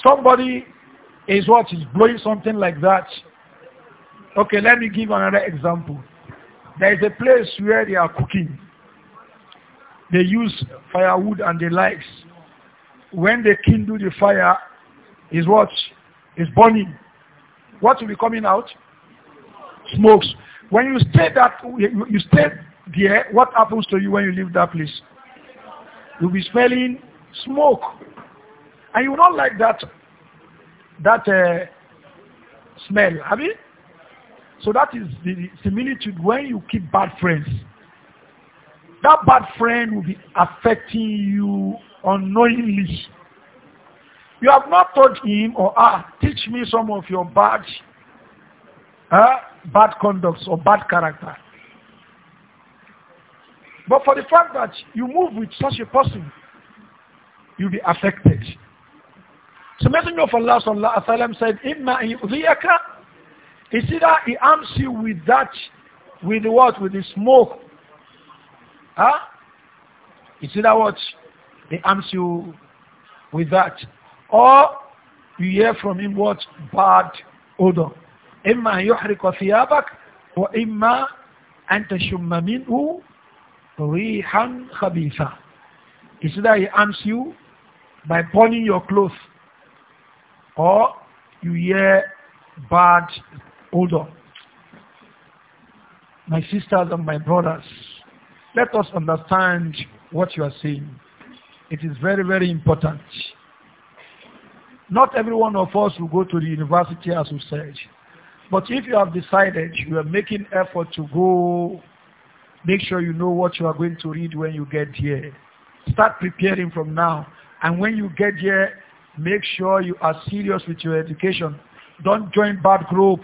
[SPEAKER 1] Somebody is what is blowing something like that. Okay, let me give another example. There is a place where they are cooking. They use firewood and the lights. When they kindle the fire, is what? Is burning. What will be coming out? Smokes. When you stay that, you stay there, what happens to you when you leave that place? You'll be smelling smoke. And you will not like that, that uh, smell, have you? So that is the similitude when you keep bad friends. That bad friend will be affecting you unknowingly. You have not told him or ah, teach me some of your bad, uh, bad conducts or bad character. But for the fact that you move with such a person, you'll be affected. So Messenger of Allah sallallahu alaihi wasallam said, "Imma yudhiyaka." It's that he arms you with that, with the what, with the smoke. Huh? It's that what, he arms you with that. or you hear from him what bad odor. إما أن يحرق ثيابك وإما أن تشم منه ريحا خبيثة. It's either he harms you by burning your clothes or you hear bad odor. My sisters and my brothers, let us understand what you are saying. It is very, very important. Not every one of us will go to the university as we said. But if you have decided you are making effort to go, make sure you know what you are going to read when you get here. Start preparing from now. And when you get here, make sure you are serious with your education. Don't join bad group.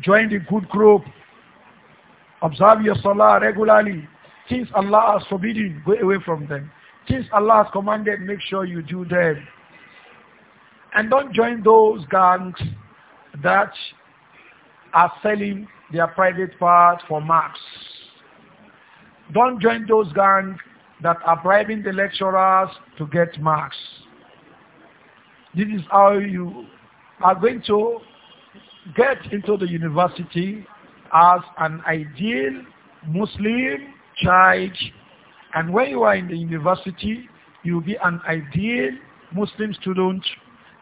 [SPEAKER 1] Join the good group. Observe your salah regularly. Things Allah has forbidden, go away from them. Things Allah has commanded, make sure you do them. And don't join those gangs that are selling their private parts for marks. Don't join those gangs that are bribing the lecturers to get marks. This is how you are going to get into the university as an ideal Muslim child. And when you are in the university, you will be an ideal Muslim student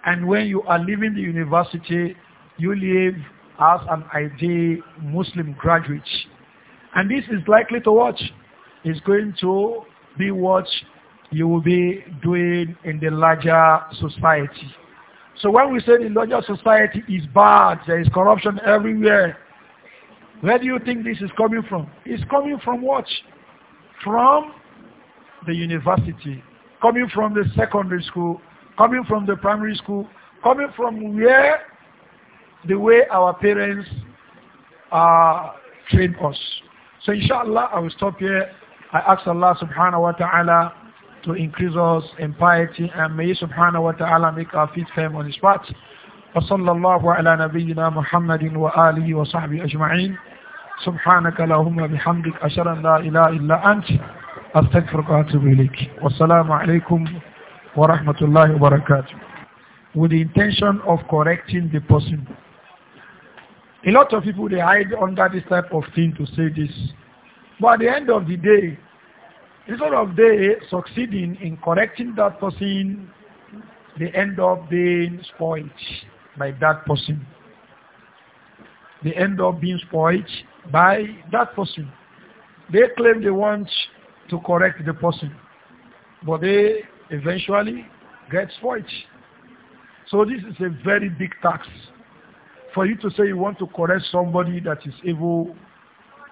[SPEAKER 1] and when you are leaving the university, you leave as an ID Muslim graduate. And this is likely to watch. It's going to be what you will be doing in the larger society. So when we say the larger society is bad, there is corruption everywhere, where do you think this is coming from? It's coming from what? From the university, coming from the secondary school, coming from the primary school, coming from where the way our parents uh, train us. So inshallah, I will stop here. I ask Allah subhanahu wa ta'ala to increase us in piety and may subhanahu wa ta'ala make our feet firm on his path. وصلى الله على نبينا محمد وآله وصحبه أجمعين سبحانك اللهم بحمدك أشهد أن لا إله إلا أنت أستغفرك وأتوب إليك والسلام عليكم wa rahmatullahi with the intention of correcting the person. A lot of people, they hide under this type of thing to say this. But at the end of the day, instead of they succeeding in correcting that person, they end up being spoilt by that person. They end up being spoilt by that person. They claim they want to correct the person, but they eventually gets spoiled. So this is a very big tax. For you to say you want to correct somebody that is evil,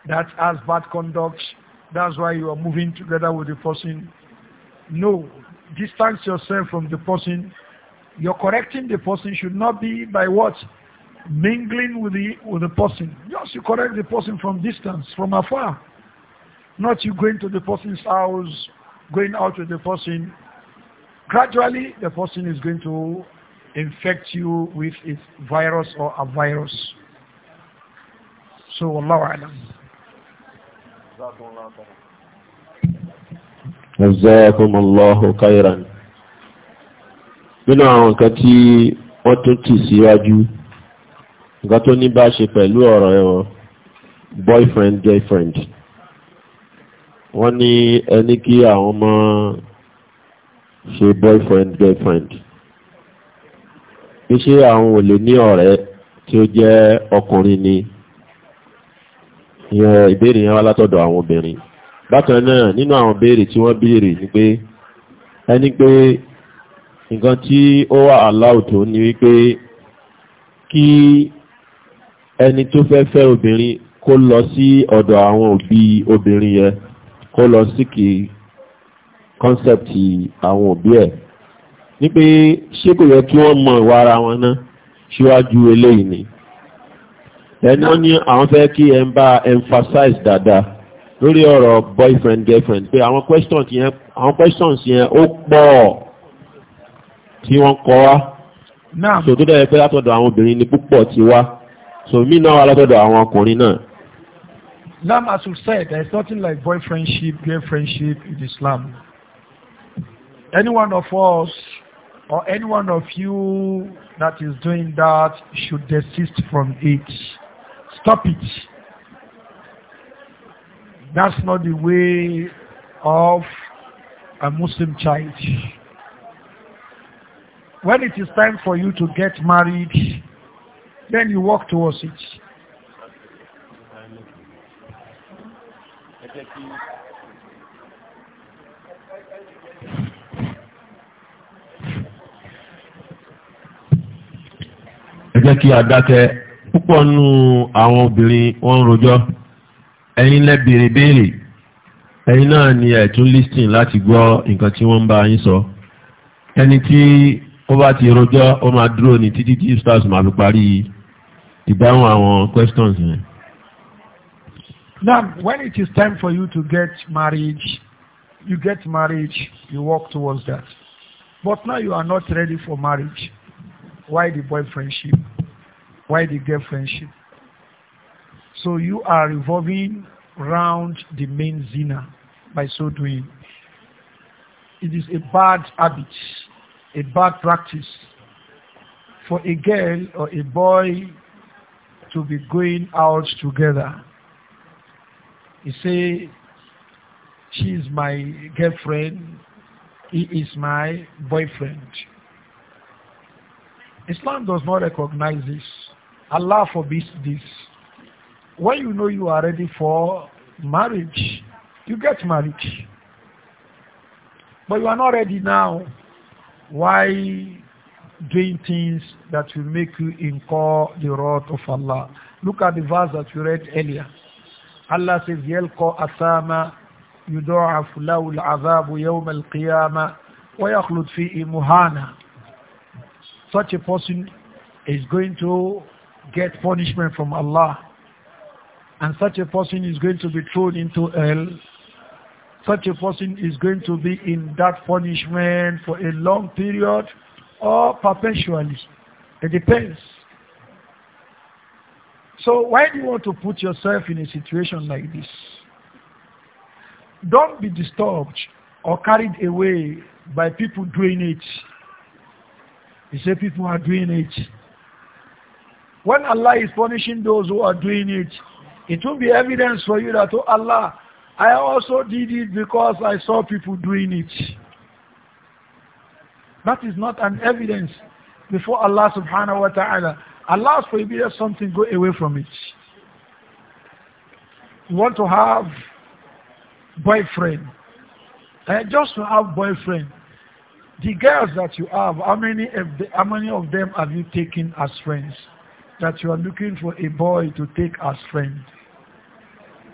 [SPEAKER 1] that has bad conduct, that's why you are moving together with the person. No, distance yourself from the person. You're correcting the person should not be by what? Mingling with the, with the person. Yes, you correct the person from distance, from afar. Not you going to the person's house, going out with the person, gradually the person is going to infect you with a virus or a virus. So Allahu alam.
[SPEAKER 2] Jazakum Allahu khairan. Nínú àwọn nǹkan tí wọ́n tún tì síwájú, nǹkan tó ní bá ṣe pẹ̀lú ọ̀rọ̀ ẹ̀wọ̀n boyfriend girlfriend. Wọ́n ní ẹni kí àwọn ọmọ ṣe boyfriend girlfriend iṣẹ́ àwọn ò lè ní ọ̀rẹ́ tí ó jẹ́ ọkùnrin ni ìyẹn ìbéèrè yẹn wá látọ̀dọ̀ àwọn obìnrin bákan náà nínú àwọn béèrè tí wọ́n béèrè ni pé ẹni pé nǹkan tí ó wà aláwùtò ni wípé kí ẹni tó fẹ́ fẹ́ obìnrin kó lọ sí ọ̀dọ̀ àwọn òbí obìnrin yẹn kó lọ sí kìí concept àwọn òbí ẹ̀ ní pé ṣé kò yẹ kí wọ́n mọ ìwà ara wọn náà síwájú eléyìí ni ẹni wọ́n ní àwọn fẹ́ kí ẹ ń bá emphasize dáadáa lórí ọ̀rọ̀ boyfriend girlfriend pé àwọn questions yẹn àwọn questions yẹn ó pọ̀ tí wọ́n kọ́ wá so tó dẹ̀ pé látọ̀dọ̀ àwọn obìnrin ni púpọ̀ ti wá so mí náà wá látọ̀dọ̀ àwọn ọkùnrin náà.
[SPEAKER 1] Islam as you said there is nothing like boyfriendship girlfriendship in Islam any one of us or any one of you that is doing that should desist from it. Stop it. That's not the way of a Muslim child. When it is time for you to get married, then you walk towards it.
[SPEAKER 2] ẹ kí a púpọ̀ nù àwọn obìnrin wọ́n rojọ́ ẹ̀yin lẹ béèrè ẹ̀yin náà ni ẹ listing láti gbọ́ nǹkan tí wọ́n ń bá yín sọ ẹni tí ó bá ti rojọ́ ó máa dúró ní títí tí stars máa fi parí ìdáhùn àwọn questions yẹn.
[SPEAKER 1] Now, when it is time for you to get married, you get married. you work towards that. But now you are not ready for marriage. Why the boy friendship? Why the girl friendship? So you are revolving round the main zina by so doing. It is a bad habit, a bad practice for a girl or a boy to be going out together. You say, she is my girlfriend, he is my boyfriend. Islam does not recognize this. Allah forbids this. When you know you are ready for marriage, you get married. But you are not ready now. Why doing things that will make you incur the wrath of Allah? Look at the verse that you read earlier. Allah says, يَلْقَى أَثَامًا يُدَعَفُ لَهُ الْعَذَابُ يَوْمَ الْقِيَامَةِ وَيَخْلُدْ فِيهِ مُهَانًا such a person is going to get punishment from Allah. And such a person is going to be thrown into hell. Such a person is going to be in that punishment for a long period or perpetually. It depends. So why do you want to put yourself in a situation like this? Don't be disturbed or carried away by people doing it he said people are doing it. When Allah is punishing those who are doing it, it will be evidence for you that, oh Allah, I also did it because I saw people doing it. That is not an evidence before Allah subhanahu wa ta'ala. Allah forbid prohibited something, go away from it. You want to have boyfriend. Uh, just to have boyfriend. The girls that you have, how many, of the, how many of them have you taken as friends? That you are looking for a boy to take as friend.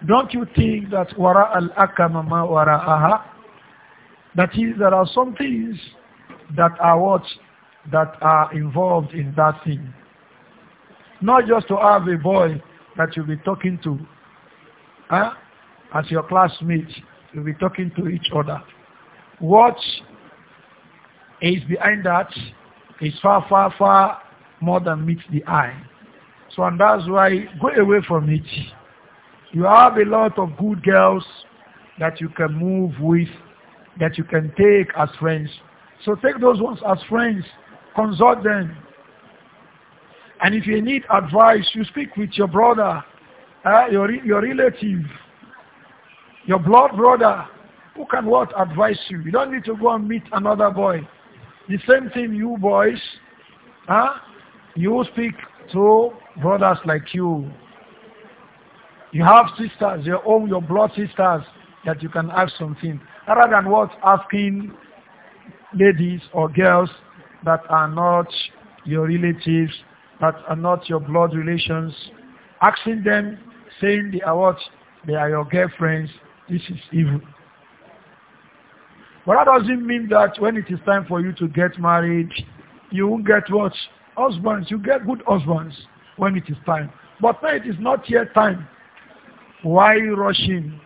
[SPEAKER 1] Don't you think that wara al akamama wara aha? That is, there are some things that are what? That are involved in that thing. Not just to have a boy that you'll be talking to huh? as your classmates. You'll be talking to each other. What is behind that is far, far, far more than meets the eye. So and that's why go away from it. You have a lot of good girls that you can move with, that you can take as friends. So take those ones as friends. Consult them. And if you need advice, you speak with your brother, uh, your, your relative, your blood brother, who can what advise you. You don't need to go and meet another boy The same thing you boys, huh? you speak to brothers like you. You have sisters, your own, your blood sisters, that you can ask something. Rather than what asking ladies or girls that are not your relatives, that are not your blood relations, asking them, saying they are what? They are your girlfriends. This is evil. But that doesn't mean that when it is time for you to get married, you will get what? Husbands. You get good husbands when it is time. But now it is not yet time. Why rushing?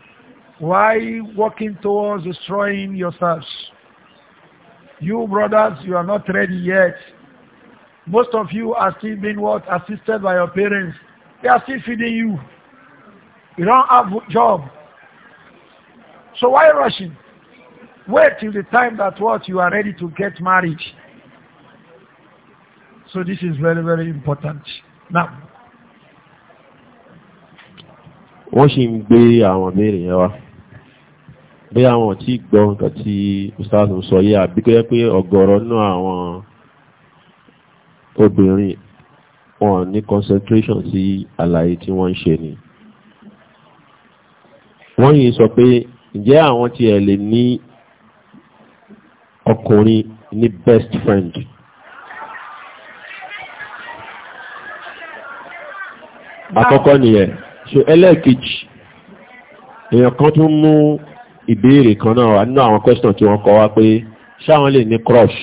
[SPEAKER 1] Why walking towards destroying yourselves? You brothers, you are not ready yet. Most of you are still being what? Assisted by your parents. They are still feeding you. You don't have a job. So why rushing? Wait till the time that what you are ready to get married. So this is very, very important. Now.
[SPEAKER 2] Wọ́n ṣì ń gbé àwọn mẹ́rin yẹn wá. Bí àwọn tí gbọ́ nǹkan tí Ustaz ń sọ yé àbí kẹ́ pé ọ̀gọ̀rọ̀ náà àwọn obìnrin wọn ní concentration sí àlàyé tí wọ́n ń ṣe ni. Wọ́n yìí sọ pé ǹjẹ́ àwọn tí lè ní ọkùnrin ní best friend. àkọ́kọ́ nìyẹn so ẹlẹ́ẹ̀kejì èèyàn kan tún mú ìbéèrè kan náà wà nínú àwọn question tí wọ́n kọ wá pé ṣáwọn lè ní crush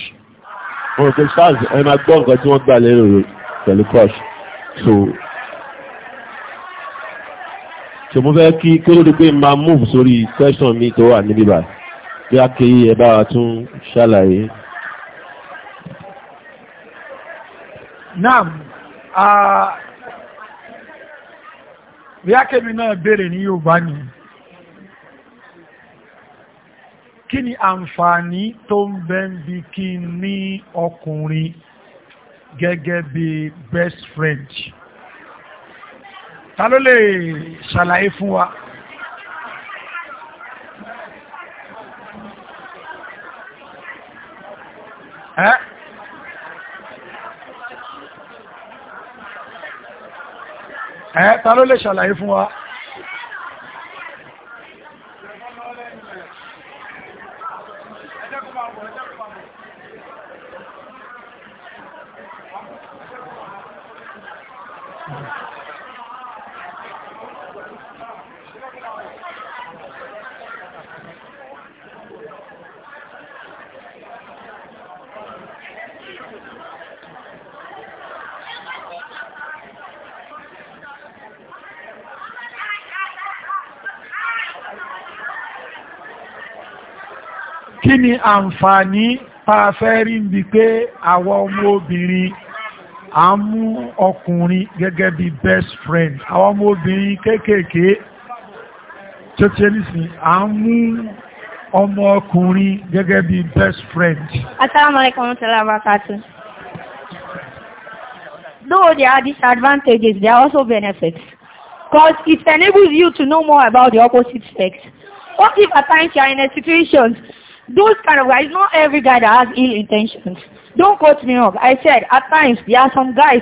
[SPEAKER 2] wọ́n rò pé sars ẹ máa gbọ́ nǹkan tí wọ́n gbà lérò pẹ̀lú crush so so mo fẹ́ kí kí ló dé pé máa move sórí question mi tó wà níbí báyìí bí a kì í ẹ bá wa tún ṣàlàyé.
[SPEAKER 1] naam bí a kẹ́mi náà béèrè ní Yorùbá ni kí ni àǹfààní tó ń bẹ kí ní ọkùnrin gẹ́gẹ́ bí best friend ta ló lè ṣàlàyé fún wa. ẹ́ ta ló lè ṣàlàyé fún wa kí ni àǹfààní pàfẹ́ rí ń bi pé àwọn ọmọ obìnrin a mú ọkùnrin gẹ́gẹ́ bí best friend àwọn ọmọ obìnrin kéékèèké tó tẹ́ nísìn a mú ọmọ ọkùnrin gẹ́gẹ́ bí best friend.
[SPEAKER 3] asalaamualeykum wa rahmatulahi wa barakatuh. Though there are disadvantages, there are also benefits. Because it enables you to know more about the opposite sex. What if at times you are in a situation Those kind of guys, not every guy that has ill intentions. Don't quote me wrong. I said, at times, there are some guys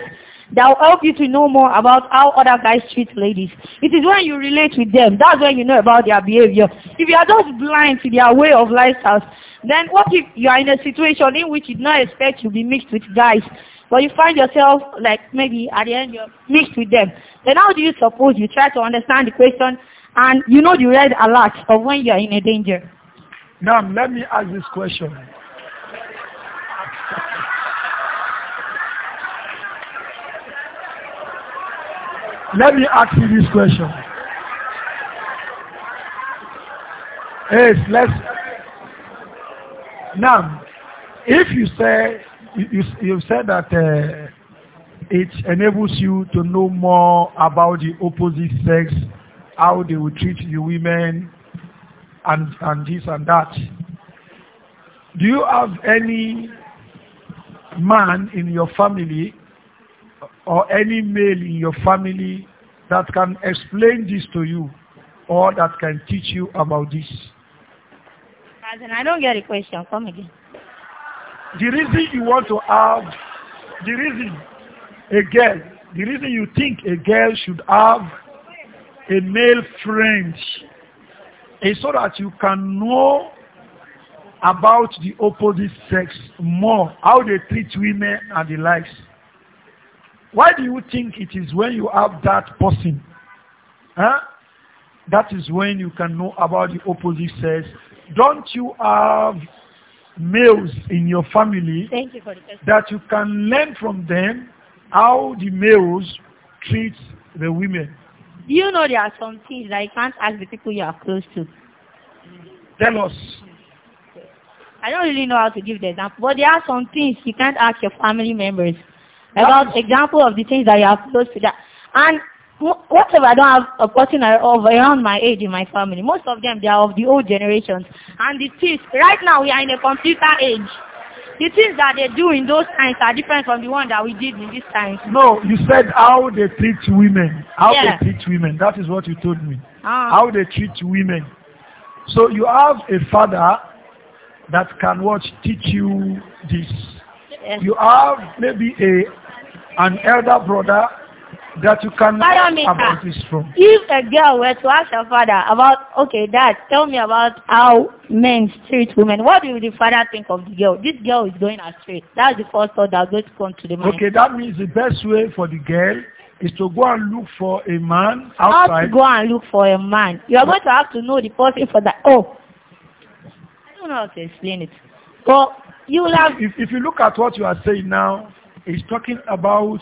[SPEAKER 3] that will help you to know more about how other guys treat ladies. It is when you relate with them. That's when you know about their behavior. If you are just blind to their way of lifestyle, then what if you are in a situation in which you do not expect to be mixed with guys, but you find yourself like maybe at the end you're mixed with them. Then how do you suppose you try to understand the question and you know the red alert
[SPEAKER 1] of when you are in a danger? Now, let me ask this question. Let me ask you this question. Yes, let's. Now, if you say you you said that uh, it enables you to know more about the opposite sex, how they will treat the women, and, and this and that. Do you have any man in your family or any male in your family that can explain this to you or that can teach you about this? As in, I don't get a question. Come again. The reason you want to have, the reason a girl, the reason you think a girl should have a male friend is so that you can know about the opposite sex more, how they treat women and the likes. Why do you think it is when you have that person? Huh? That is when you can know about the opposite sex. Don't you have males in your family you that you can learn from them how the males treat the women?
[SPEAKER 3] You know there are some things that you can't ask the people you are close to. Tell us. I don't really know how to give the example, but there are some things you can't ask your family members about example of the things that you are close to that. And whatever I don't have a person of around my age in my family, most of them they are of the old generations. And the things right now we are in a computer age. The things that they do in those times are different from the one that we did in this time. No, you said
[SPEAKER 1] how they treat women. How yeah. they treat women. That is what you told me. Ah. How they treat women. So you have a father that can watch teach you this.
[SPEAKER 3] Yes.
[SPEAKER 4] You have
[SPEAKER 1] maybe a an elder brother that you can about this from?
[SPEAKER 3] If a girl were to ask her father about, okay, dad, tell me about how men treat women, what will the father think of the girl? This girl is going astray. That's the first thought that goes to come to the mind. Okay, that
[SPEAKER 1] means the best way for the girl is to go and look for a man outside. Not to go
[SPEAKER 3] and look for a man. You are going to have to know the person for that. Oh,
[SPEAKER 1] I don't know how to explain it. But you will have... If, if you look at what you are saying now, he's talking about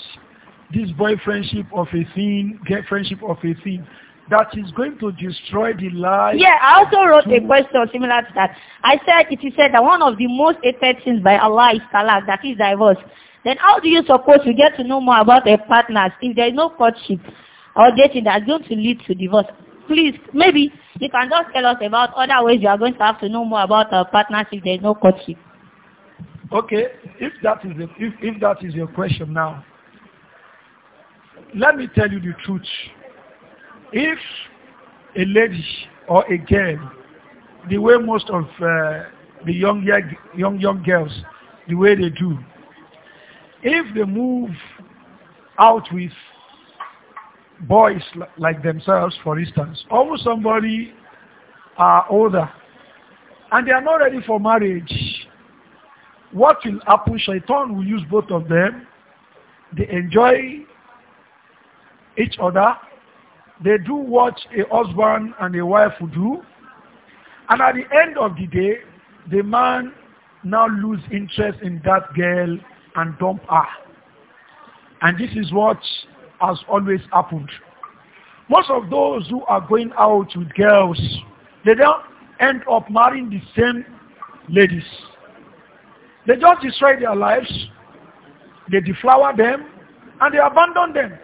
[SPEAKER 1] this boyfriendship of a thing, get friendship of a thing, that is going to destroy the life. Yeah, I
[SPEAKER 3] also wrote a question similar to that. I said, if you said that one of the most hated things by Allah is talaq, that is divorce. Then how do you suppose you get to know more about a partner if there is no courtship or dating that is going to lead to divorce? Please, maybe you can just tell us about other ways you are going to have to know more about our partners if there is no courtship.
[SPEAKER 1] Okay, if that is the, if, if that is your question now, let me tell you the truth. If a lady or a girl, the way most of uh, the young, young, young girls, the way they do, if they move out with boys like themselves, for instance, or with somebody uh, older, and they are not ready for marriage, what will happen? Shaitan will use both of them. They enjoy each other. They do what a husband and a wife would do. And at the end of the day, the man now lose interest in that girl and dump her. And this is what has always happened. Most of those who are going out with girls, they don't end up marrying the same ladies. They just destroy their lives, they deflower them, and they abandon them.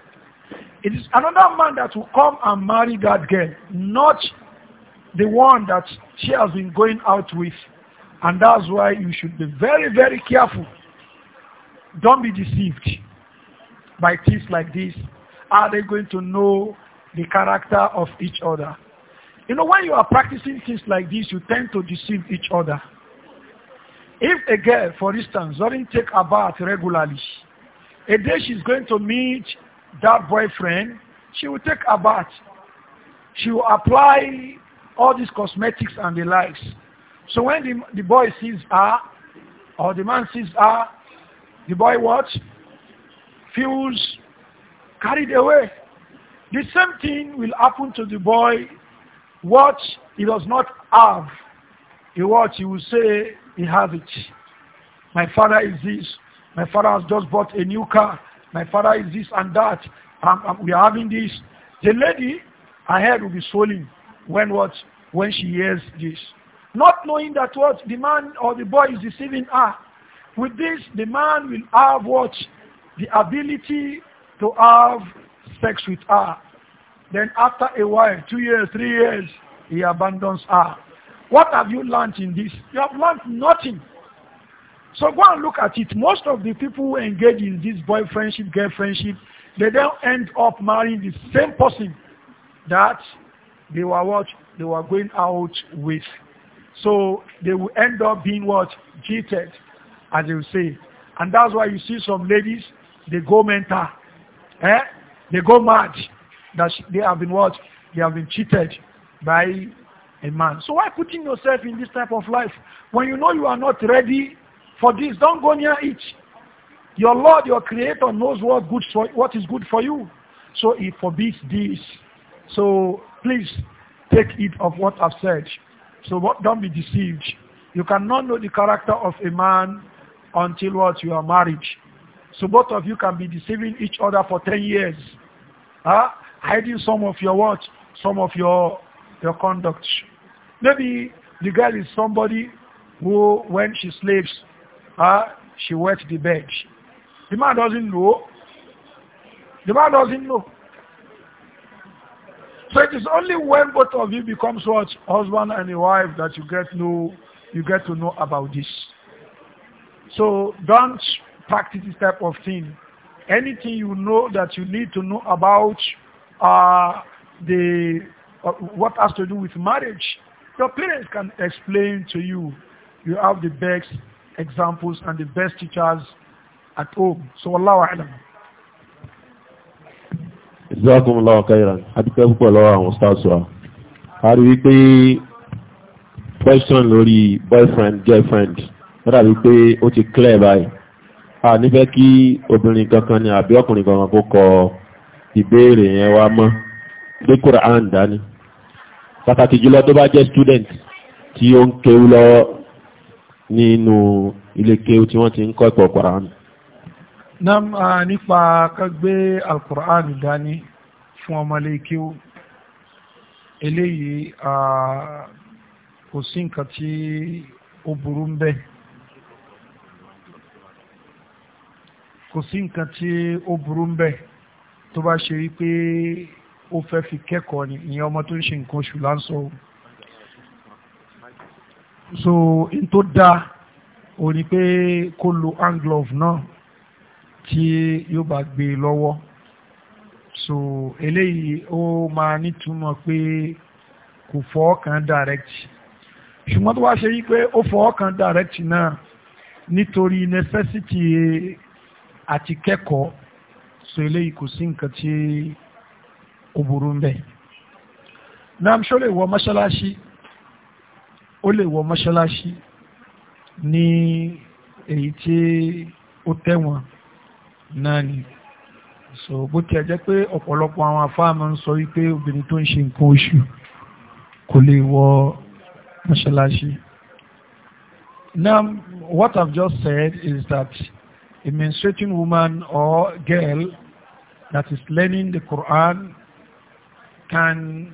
[SPEAKER 1] It is another man that will come and marry that girl, not the one that she has been going out with. And that's why you should be very, very careful. Don't be deceived by things like this. Are they going to know the character of each other? You know, when you are practicing things like this, you tend to deceive each other. If a girl, for instance, doesn't take a bath regularly, a day she's going to meet that boyfriend, she will take a bath. She will apply all these cosmetics and the likes. So when the, the boy sees her, or the man sees her, the boy what? Feels carried away. The same thing will happen to the boy. Watch, he does not have, he watch, he will say he has it. My father is this. My father has just bought a new car. My father is this and that. Um, um, we are having this. The lady, her head will be swollen when what? When she hears this. Not knowing that what? The man or the boy is deceiving her. With this, the man will have what? The ability to have sex with her. Then after a while, two years, three years, he abandons her. What have you learnt in this? You have learnt nothing. So go and look at it. Most of the people who engage in this boy friendship, girl friendship, they then end up marrying the same person that they were what they were going out with. So they will end up being what cheated, as they will say. And that's why you see some ladies, they go mental. Eh? They go mad that they have been what? They have been cheated by a man. So why putting yourself in this type of life when you know you are not ready for this. Don't go near it. Your Lord, your Creator knows what, good for, what is good for you. So he forbids this. So please take it of what I've said. So what, don't be deceived. You cannot know the character of a man until what you are married. So both of you can be deceiving each other for 10 years. Huh? Hiding some of your what? Some of your, your conduct. Maybe the girl is somebody who, when she sleeps, huh? she wet the bed. The man doesn't know. The man doesn't know. So it is only when both of you become what husband and wife that you get know you get to know about this. So don't practice this type of thing. Anything you know that you need to know about uh, the uh, what has to do with marriage, your parents can explain to you. You have the best examples and the best teachers at home. So Allahu a'lam.
[SPEAKER 2] Jazakumullahu khairan. Adúpẹ́ púpọ̀ lọ́wọ́ àwọn stars A rí wípé question lórí boyfriend girlfriend wọ́n dàbí pé ó ti clear báyìí. A nífẹ̀ẹ́ kí obìnrin kankan ni àbí ọkùnrin kankan kó kọ ìbéèrè yẹn wá mọ́. Bí Quran dání. Pàtàkì jùlọ tó bá jẹ́ student tí ó ń kéwú lọ́wọ́ nínú ilé kéwú tí wọ́n ti ń kọ́ ẹ̀kọ́ Kùránì.
[SPEAKER 1] nam nípa kágbé alkùránì dání fún ọmọlé kéwú eléyìí kò sí nǹkan tí ó burú ń bẹ kò sí nǹkan tí ó burú ń bẹ tó bá ṣe wípé ó fẹ́ fi kẹ́kọ̀ọ́ ni ìyẹn ọmọ tó ń ṣe nǹkan oṣù láǹsọ̀ọ́ so n tó dáa ò ní pé kó lo hand glove náà tí yóò bá gbé e lọ́wọ́ so eléyìí ó máa nítumọ̀ pé kò fọwọ́ kan direct ṣùgbọ́n tó wá ṣe yí pé ó fọwọ́ kan direct náà nítorí necessity àti kẹ́kọ̀ọ́ so eléyìí kò sí nǹkan tí ó burú ń bẹ̀. náà ṣó lè wọ mọ́ṣáláṣí ó lè wọ mọ́ṣáláṣí ní èyí tí ó tẹ̀wọ̀n náà ni so bó ti ẹ̀ pé ọ̀pọ̀lọpọ̀ àwọn afáàmọ́ ń sọ wípé obìnrin tó ń ṣe nǹkan oṣù kò lè wọ mọ́ṣáláṣí. Now, what I've just said is that a menstruating woman or girl that is learning the Quran can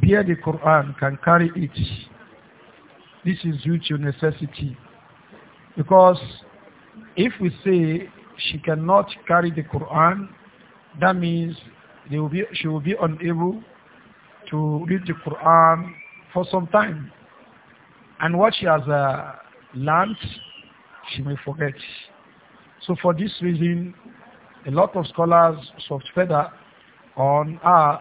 [SPEAKER 1] bear the Quran, can carry it this is due to necessity. Because if we say she cannot carry the Quran, that means will be, she will be unable to read the Quran for some time. And what she has uh, learned, she may forget. So for this reason, a lot of scholars sought further on her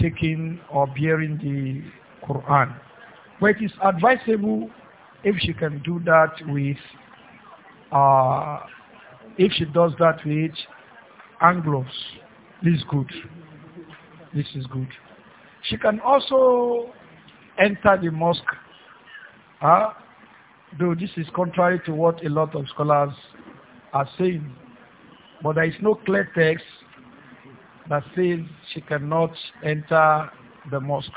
[SPEAKER 1] taking or bearing the Quran. But it is advisable if she can do that with, uh, if she does that with hand gloves. This is good. This is good. She can also enter the mosque. Huh? Though this is contrary to what a lot of scholars are saying. But there is no clear text that says she cannot enter the mosque.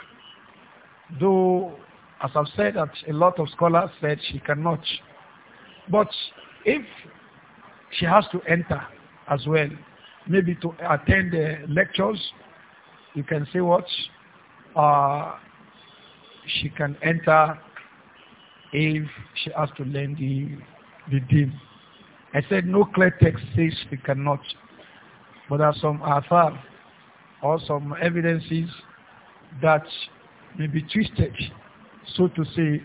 [SPEAKER 1] Though as I've said that a lot of scholars said she cannot. But if she has to enter as well, maybe to attend the lectures, you can say what? Uh, she can enter if she has to learn the, the deen. I said no clear text says she cannot. But there are some athar or some evidences that may be twisted so to say,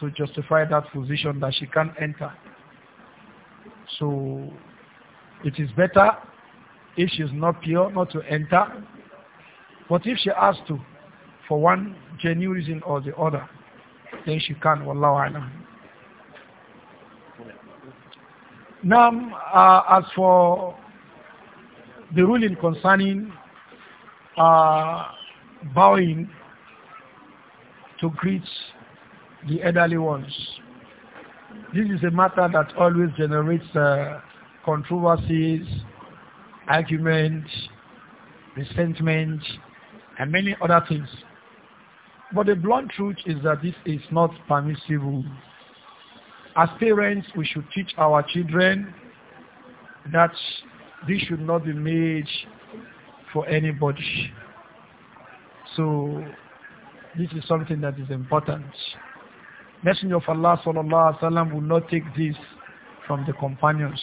[SPEAKER 1] to justify that position that she can't enter. So it is better if she is not pure not to enter. But if she has to, for one genuine reason or the other, then she can. Wallahu alam. Now, uh, as for the ruling concerning uh, bowing to greet the elderly ones. This is a matter that always generates uh, controversies, arguments, resentment, and many other things. But the blunt truth is that this is not permissible. As parents, we should teach our children that this should not be made for anybody. So this is something that is important. Messenger of Allah sallallahu alaihi wasallam will not take this from the companions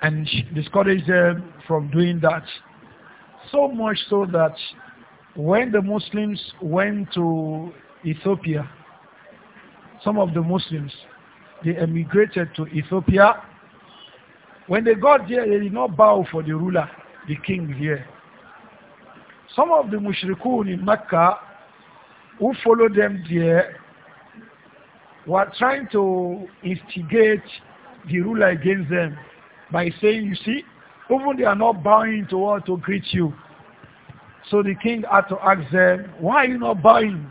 [SPEAKER 1] and discourage them from doing that. So much so that when the Muslims went to Ethiopia, some of the Muslims, they emigrated to Ethiopia. When they got there, they did not bow for the ruler, the king here. Some of the mushrikun in Mecca who followed them there were trying to instigate the ruler against them by saying, you see, even they are not bowing to what to greet you. So the king had to ask them, why are you not bowing?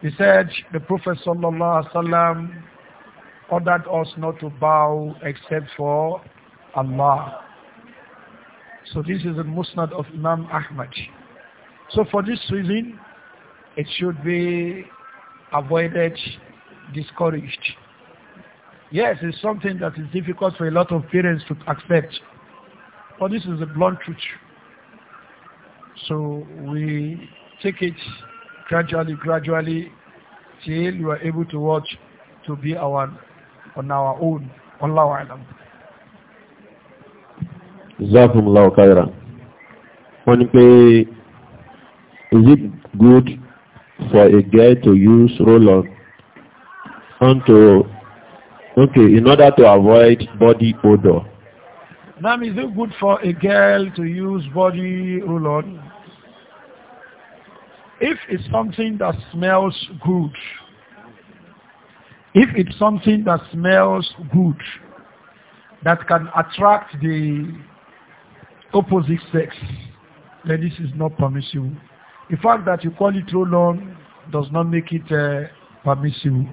[SPEAKER 1] He said, the Prophet sallallahu alaihi wasallam ordered us not to bow except for Allah. So this is a Musnad of Imam Ahmad. So for this reason, it should be avoided, discouraged. Yes, it's something that is difficult for a lot of parents to accept. But this is a blunt truth. So we take it gradually, gradually, till we are able to watch to be our on our own. Allah alam.
[SPEAKER 2] Zafum Allah kaira. Is it good for a girl to use roll-on onto, okay, in order to avoid body odor?
[SPEAKER 1] Now, is it good for a girl to use body roll-on? If it's something that smells good, if it's something that smells good, that can attract the opposite sex, then this is not permissible. The fact that you call it roll-on does not make it uh, permissible.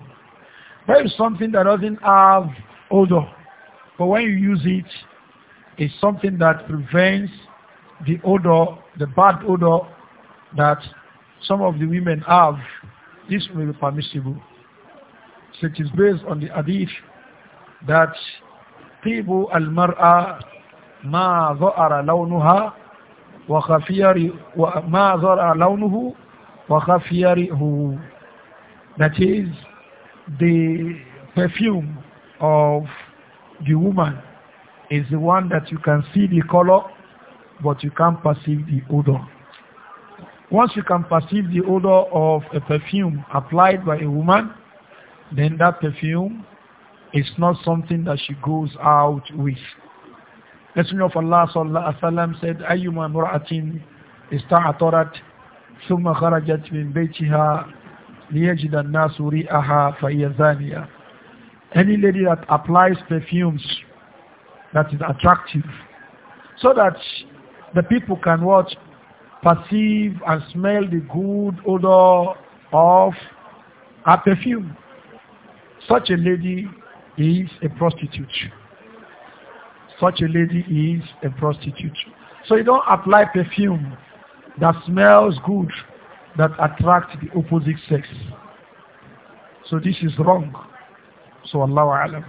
[SPEAKER 1] There is something that doesn't have odor. But when you use it, it's something that prevents the odor, the bad odor that some of the women have. This may be permissible. So it is based on the hadith that طيب المرأة ما ظهر لونها وخفير وما ظهر لونه وخفيره that is the perfume of the woman is the one that you can see the color but you can't perceive the odor once you can perceive the odor of a perfume applied by a woman then that perfume is not something that she goes out with Messenger of Allah sallallahu alaihi wasallam said, "Ayyuma mur'atin ista'atarat thumma kharajat min baytiha liyajida an nasuri ri'aha fa Any lady that applies perfumes that is attractive so that the people can watch perceive and smell the good odor of a perfume. Such a lady is a prostitute. such a lady is a prostitute. So you don't apply perfume that smells good that attracts the opposite sex. So this is wrong. So Allah alam.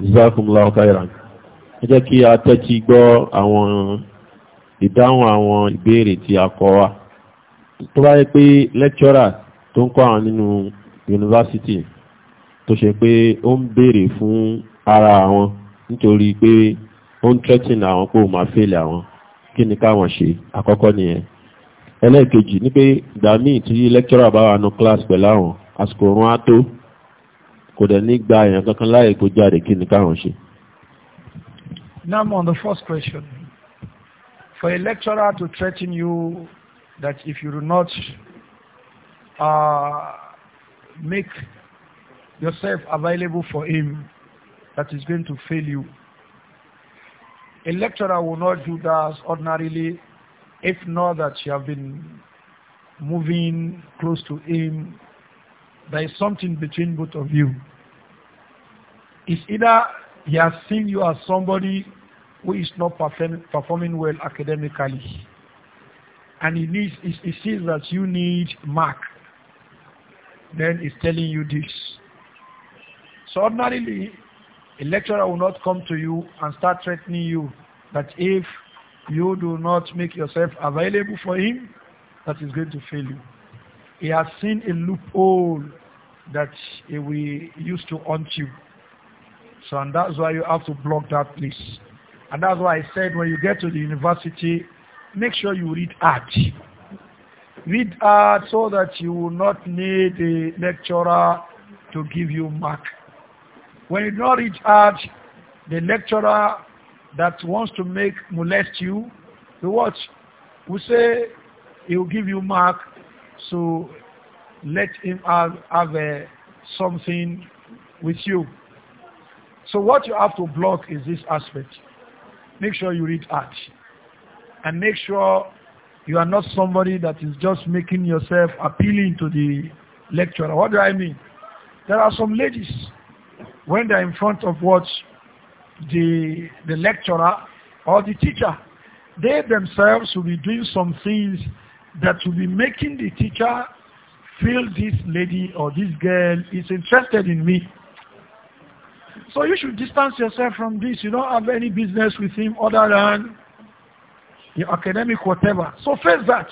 [SPEAKER 2] Jazakumullahu khairan. Ẹ jẹ́ kí a tẹ́tí gbọ́ àwọn ìdáhùn àwọn ìbéèrè tí a kọ wá. Tó bá yẹ pé lẹ́kṣọ́rà tó ń kọ́ àwọn nínú yunifásitì tó ṣe pé ó ń béèrè fún ara àwọn nítorí pé ó ń threaten àwọn pé ó máa fail àwọn kí ni káwọn ṣe àkọ́kọ́ nìyẹn ẹlẹ́ẹ̀kejì ní pé ìgbà tí lecturer bá wà nù class pẹ̀lú àwọn àsìkò run á tó kò dẹ̀ ní gba èèyàn kankan láàyè kó jáde kí ni káwọn ṣe.
[SPEAKER 1] Now on the first question for a lecturer to threaten you that if you do not uh, make yourself available for him that is going to fail you. A lecturer will not do that ordinarily if not that you have been moving close to him. There is something between both of you. It's either he has seen you as somebody who is not perform, performing well academically and he, needs, he sees that you need mark then he's telling you this so ordinarily a lecturer will not come to you and start threatening you that if you do not make yourself available for him, that is going to fail you. He has seen a loophole that we used to haunt you. So and that's why you have to block that place. And that's why I said when you get to the university, make sure you read art. Read art so that you will not need a lecturer to give you mark. When you do not reach out, the lecturer that wants to make molest you, the what? We say he will give you mark, so let him have, have a, eh, something with you. So what you have to block is this aspect. Make sure you read art. And make sure you are not somebody that is just making yourself appealing to the lecturer. What do I mean? There are some ladies when they're in front of what the, the lecturer or the teacher, they themselves will be doing some things that will be making the teacher feel this lady or this girl is interested in me. So you should distance yourself from this. You don't have any business with him other than your academic whatever. So face that.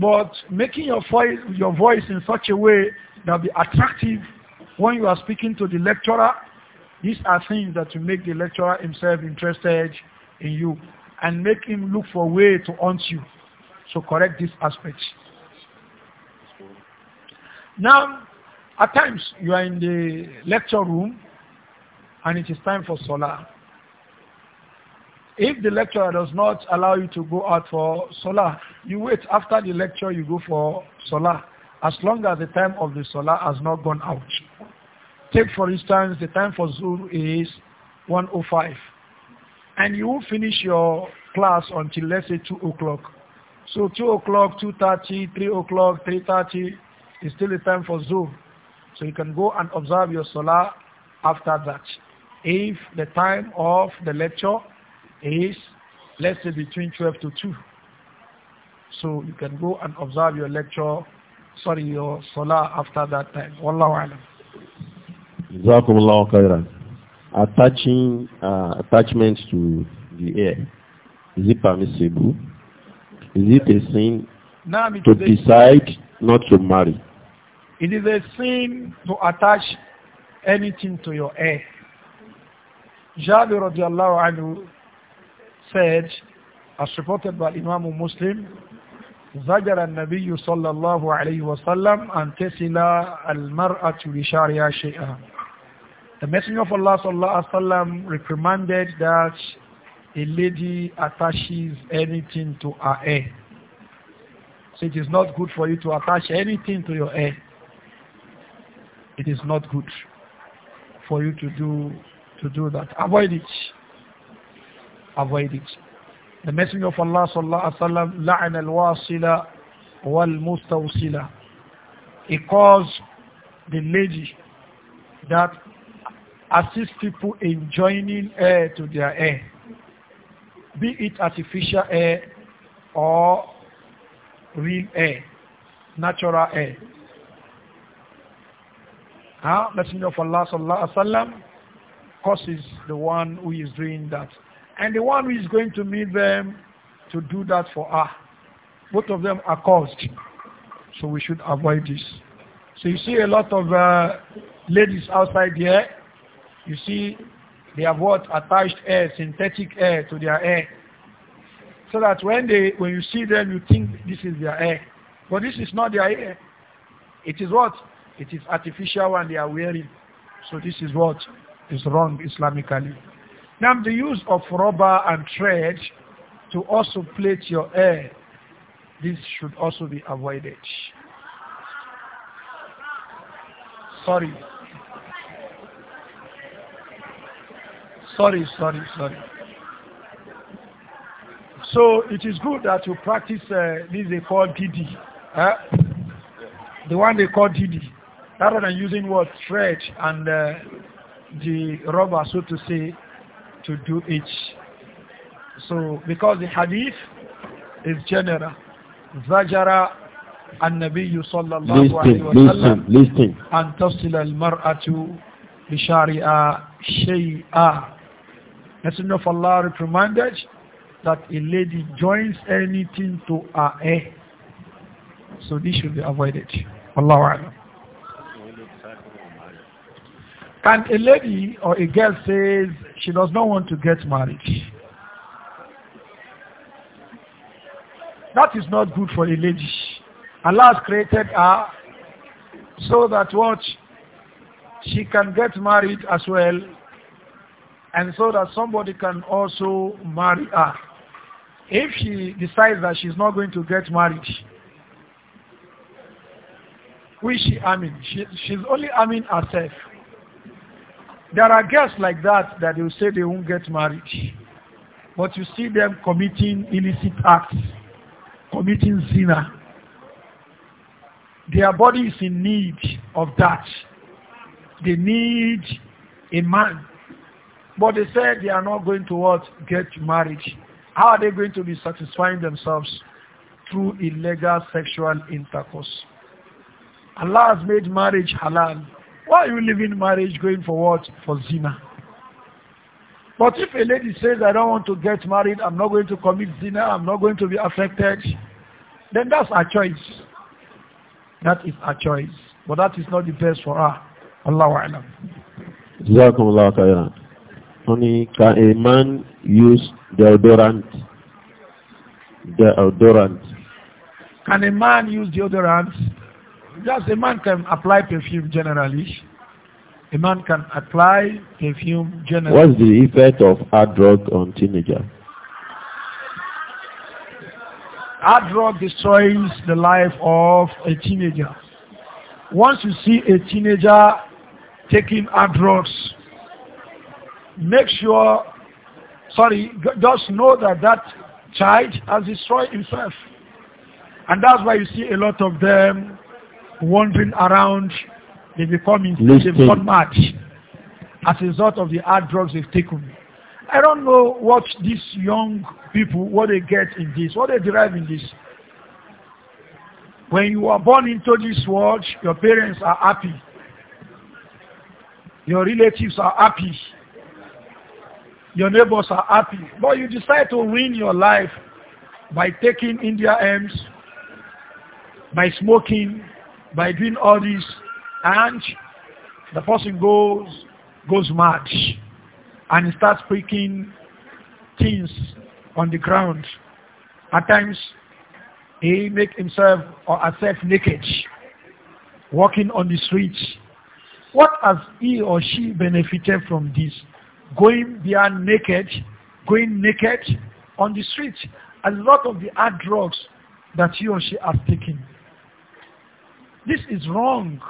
[SPEAKER 1] But making your voice, your voice in such a way that be attractive When you are speaking to the lecturer, these are things that will make the lecturer himself interested in you and make him look for a way to haunt you. So correct this aspect. Now, at times you are in the lecture room and it is time for solar. If the lecturer does not allow you to go out for solar, you wait after the lecture you go for solar as long as the time of the solar has not gone out. Take for instance, the time for Zuhr is 1.05. And you will finish your class until let's say 2 o'clock. So 2 o'clock, 2.30, 3 o'clock, 3.30 is still the time for Zuhr. So you can go and observe your Salah after that. If the time of the lecture is let's say between 12 to 2. So you can go and observe your lecture, sorry, your Salah after that time. Wallahu alam.
[SPEAKER 2] Jazakumullahu khairan. Attaching uh, attachments to the air is it permissible? Is it a sin
[SPEAKER 1] now, it to decide
[SPEAKER 2] not to marry?
[SPEAKER 1] It is a sin to attach anything to your air. Jabir radiallahu anhu said, as reported by Imam Muslim, زجر النبي صلى الله عليه وسلم أن تسل المرأة لشعرها شيئا The Messenger of Allah sallallahu alaihi wasallam reprimanded that a lady attaches anything to her hair. So it is not good for you to attach anything to your hair. It is not good for you to do to do that. Avoid it. Avoid it. The Messenger of Allah sallallahu alaihi wasallam la'ana al-wasila wal mustawsila. He caused the lady that assist people in joining air to their air, be it artificial air or real air, natural air. Huh? Messenger of Allah sallallahu alaihi wasallam causes the one who is doing that. And the one who is going to meet them to do that for her. Both of them are caused. So we should avoid this. So you see a lot of uh, ladies outside here You see, they have what? Attached air, synthetic air to their air, So that when they, when you see them, you think this is their air. But this is not their air. It is what? It is artificial and they are wearing. So this is what is wrong Islamically. Now the use of rubber and thread to also plate your air, this should also be avoided. Sorry. Sorry, sorry, sorry. So it is good that you practice uh, this they call DD. Huh? The one they call DD. Rather than using what thread and uh, the rubber, so to say, to do it. So because the hadith is general. Zajara and صلى الله Alaihi Wasallam and listen. al تصل المرأة بشارئها شيئا Messenger of Allah reprimanded that a lady joins anything to her hair. So this should be avoided. Allahu Alam. Can a lady or a girl says she does not want to get married? That is not good for a lady. Allah has created her so that what she can get married as well and so that somebody can also marry her. If she decides that she's not going to get married, which she harming, she, she's only harming herself. There are girls like that that will say they won't get married. But you see them committing illicit acts, committing zina. Their body is in need of that. They need a man But they said they are not going to what? Get married. How are they going to be satisfying themselves? Through illegal sexual intercourse. Allah has made marriage halal. Why are you leaving marriage going for what? For zina. But if a lady says, I don't want to get married, I'm not going to commit zina, I'm not going to be affected, then that's her choice. That is her choice. But that is not the best for her. Allahu
[SPEAKER 2] Alam. wọ́n can a man use deodorant deodorant.
[SPEAKER 1] can a man use deodorant? just a man can apply perfume generally. A man can apply perfume generally. What's
[SPEAKER 2] the effect of hard drug on teenager?
[SPEAKER 1] Hard drug destroys the life of a teenager. Once you see a teenager taking hard drugs, make sure, sorry, just know that that child has destroyed himself. And that's why you see a lot of them wandering around. They become insane, they become mad as a result of the hard drugs they've taken. I don't know what these young people, what they get in this, what they derive in this. When you are born into this world, your parents are happy. Your relatives are happy your neighbors are happy. But you decide to ruin your life by taking India their by smoking, by doing all this, and the person goes goes mad and starts picking things on the ground. At times, he make himself or herself naked, walking on the streets. What has he or she benefited from this? going they are naked, going naked on the street. A lot of the hard drugs that he or she has taken. This is wrong.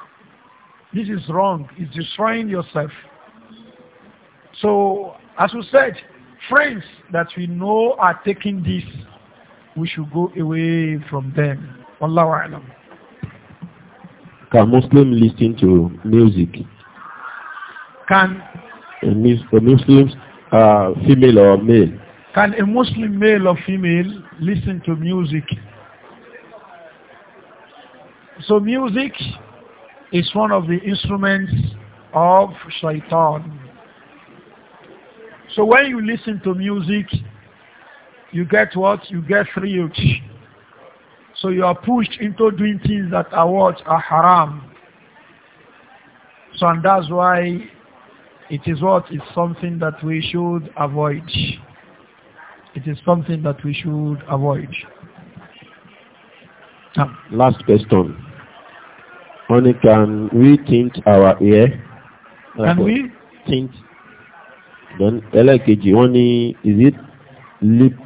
[SPEAKER 1] This is wrong. It's destroying yourself. So, as we said, friends that we know are taking this, we should go away from them. Wallahu alam.
[SPEAKER 2] Can Muslim listen to music? Can a Muslim uh, female or
[SPEAKER 1] male? Can a Muslim male or female listen to music? So music is one of the instruments of shaitan. So when you listen to music, you get what? You get thrilled. So you are pushed into doing things that are what? Are haram. So and that's why it is what is something that we should avoid. It is something that we should avoid.
[SPEAKER 2] Ah. Last question. Only can we tint our hair? Can uh, we? Tint. Then ẹlẹ́kejì wọ́n is it lip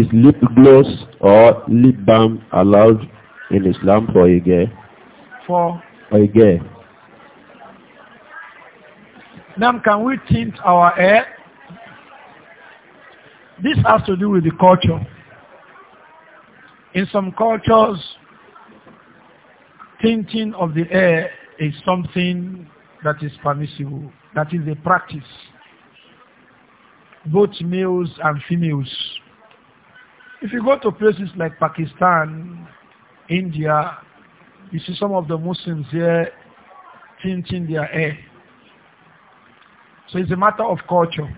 [SPEAKER 2] is lip gloss or lip balm allowed in Islam for a girl? For? For a girl.
[SPEAKER 1] Now, can we tint our hair? This has to do with the culture. In some cultures, tinting of the hair is something that is permissible, that is a practice. Both males and females. If you go to places like Pakistan, India, you see some of the Muslims there tinting their hair. So it's a matter of culture.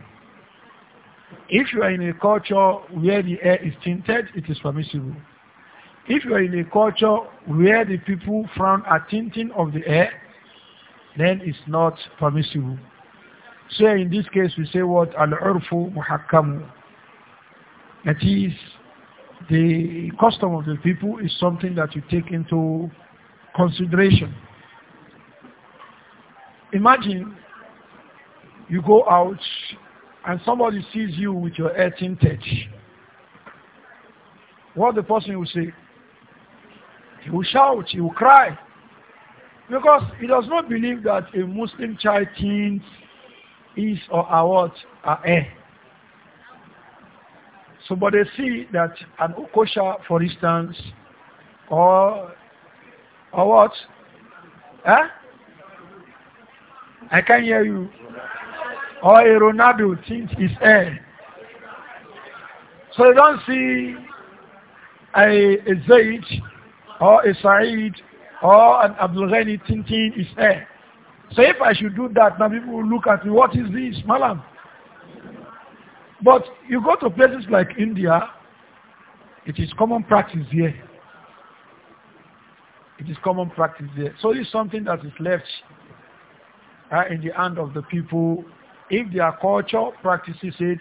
[SPEAKER 1] If you are in a culture where the air is tinted, it is permissible. If you are in a culture where the people frown at tinting of the air, then it's not permissible. So in this case, we say what? Al-urfu muhakkamu. That is, the custom of the people is something that you take into consideration. Imagine you go out and somebody sees you with your hair tinted, what the person will say? He will shout, he will cry. Because he does not believe that a Muslim child tints his or her what? Her hair. So, but they see that an okosha, for instance, or, or what? Huh? I can't hear you. or a Ronaldo tint his hair. So you don't see a, a Zaid or a Said or an Abdul Ghani tinting his hair. So if I should do that, now people will look at me, what is this, Malam? But you go to places like India, it is common practice here. It is common practice there. So it's something that is left uh, in the hand of the people if their culture practices it,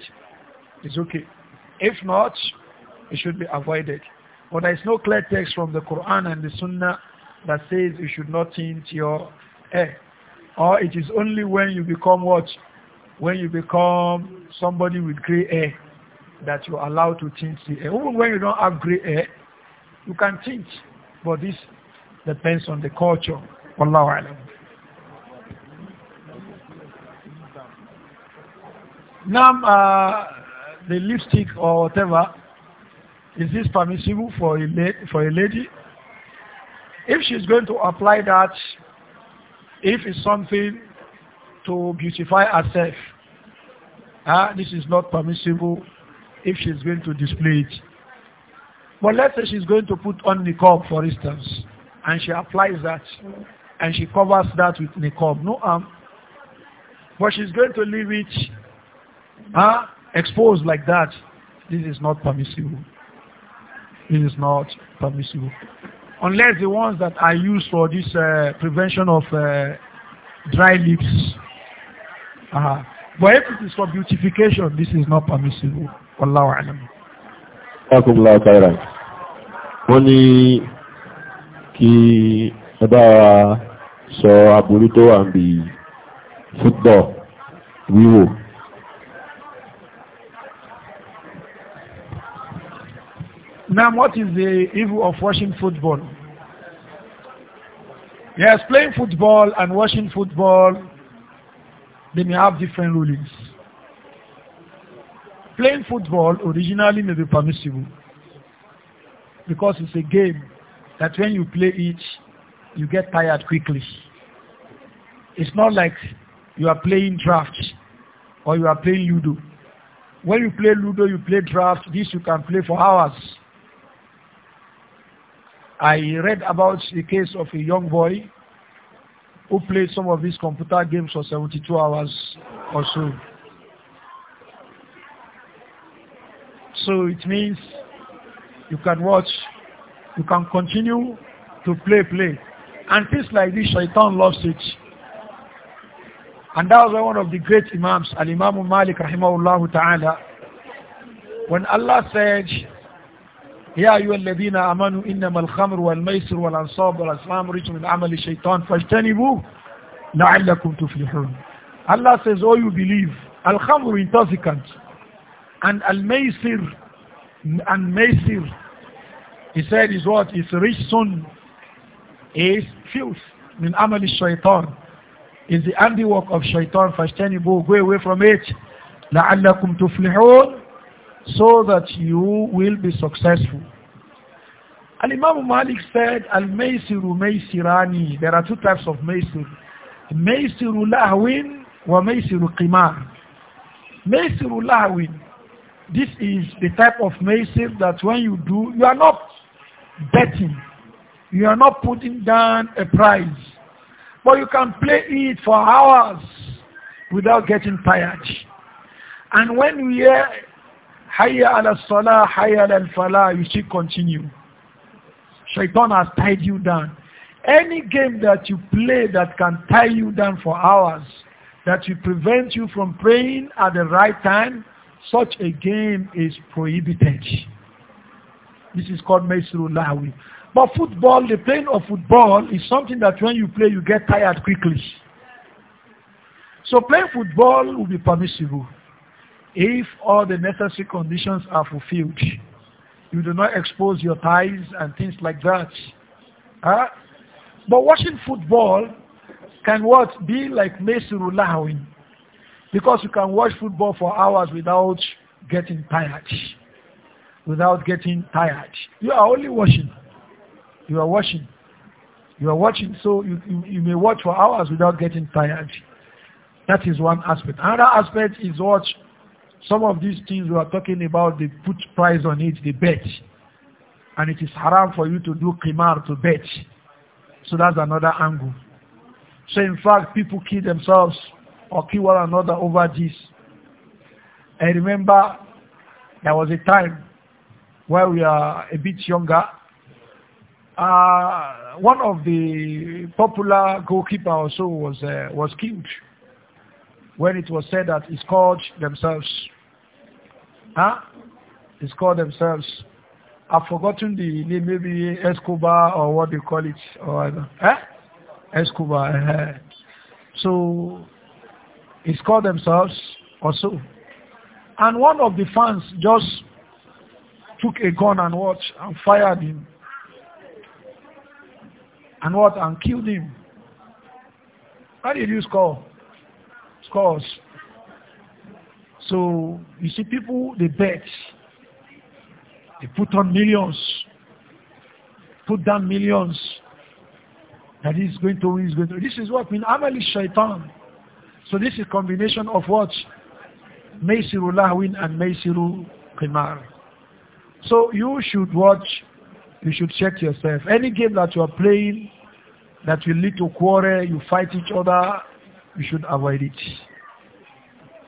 [SPEAKER 1] it's okay. If not, it should be avoided. But there is no clear text from the Quran and the Sunnah that says you should not tint your hair. Or it is only when you become what? When you become somebody with gray hair that you're allowed to tint the hair. Even when you don't have gray hair, you can tint. But this depends on the culture. Wallahu alam. Now, uh, the lipstick or whatever, is this permissible for a, for a lady? If she's going to apply that, if it's something to beautify herself, uh, this is not permissible if she's going to display it. But let's say she's going to put on niqab, for instance, and she applies that, and she covers that with niqab. No harm. Um, but she's going to leave it huh? exposed like that, this is not permissible. This is not permissible. Unless the ones that are used for this uh, prevention of uh, dry lips. Uh -huh. But if it is for beautification, this is not permissible. Allahu alam.
[SPEAKER 2] Alhamdulillah, Kaira. Wọ́n ní kí ẹ bá wa sọ àbúrú tó wà ń bí fútbọ̀ wíwò.
[SPEAKER 1] Now, what is the evil of watching football? Yes, playing football and watching football, they may have different rulings. Playing football originally may be permissible because it's a game that when you play it, you get tired quickly. It's not like you are playing draft or you are playing Ludo. When you play Ludo, you play draft. This you can play for hours I read about the case of a young boy who played some of his computer games for 72 hours or so. So it means you can watch, you can continue to play, play. And things like this, Shaitan loves it. And that was one of the great Imams, Al-Imam Malik rahimahullah ta'ala. When Allah said, يا أيها الذين أمنوا إنما الخمر والميسر والأنصاب والأسلام رجل من عمل الشيطان فاجتنبوه لعلكم تفلحون Allah says all oh, you believe الخمر intoxicant and الميسر and ميسر he said is what is rich rizun is filth من عمل الشيطان is the handiwork of shaitan فاجتنبوه go away from it لعلكم تفلحون so that you will be successful. Al-Imam Malik said, Al-Maysiru Maysirani. There are two types of Maysir. Maysiru Lahwin wa Maysiru Qimar. Maysiru Lahwin. This is the type of Maysir that when you do, you are not betting. You are not putting down a prize. But you can play it for hours without getting tired. And when we are Hayya ala salah, hayya ala falah, you still continue. Shaitan has tied you down. Any game that you play that can tie you down for hours, that will prevent you from praying at the right time, such a game is prohibited. This is called Maisru But football, the playing of football is something that when you play, you get tired quickly. So playing football will be permissible. If all the necessary conditions are fulfilled, you do not expose your thighs and things like that. Huh? But watching football can what be like Messi Lahawin because you can watch football for hours without getting tired. Without getting tired. You are only watching. You are watching. You are watching, so you, you, you may watch for hours without getting tired. That is one aspect. Another aspect is what some of these things we are talking about, they put price on it, they bet. And it is haram for you to do qimar, to bet. So that's another angle. So in fact, people kill themselves or kill one another over this. I remember there was a time when we are a bit younger. Uh, one of the popular goalkeeper also was uh, was killed when it was said that he scourged themselves huh, it's called themselves. I've forgotten the name, maybe Escobar or what they call it, or eh? Escobar. Uh-huh. So it's called themselves also. And one of the fans just took a gun and watch and fired him. And what? And killed him. How did you score? Scores. So you see people, they bet. They put on millions. Put down millions. That is going to win, going to This is what mean amal shaitan. So this is combination of what? Maysiru lahwin and maysiru qimar. So you should watch, you should check yourself. Any game that you are playing that will lead to quarrel, you fight each other, you should avoid it.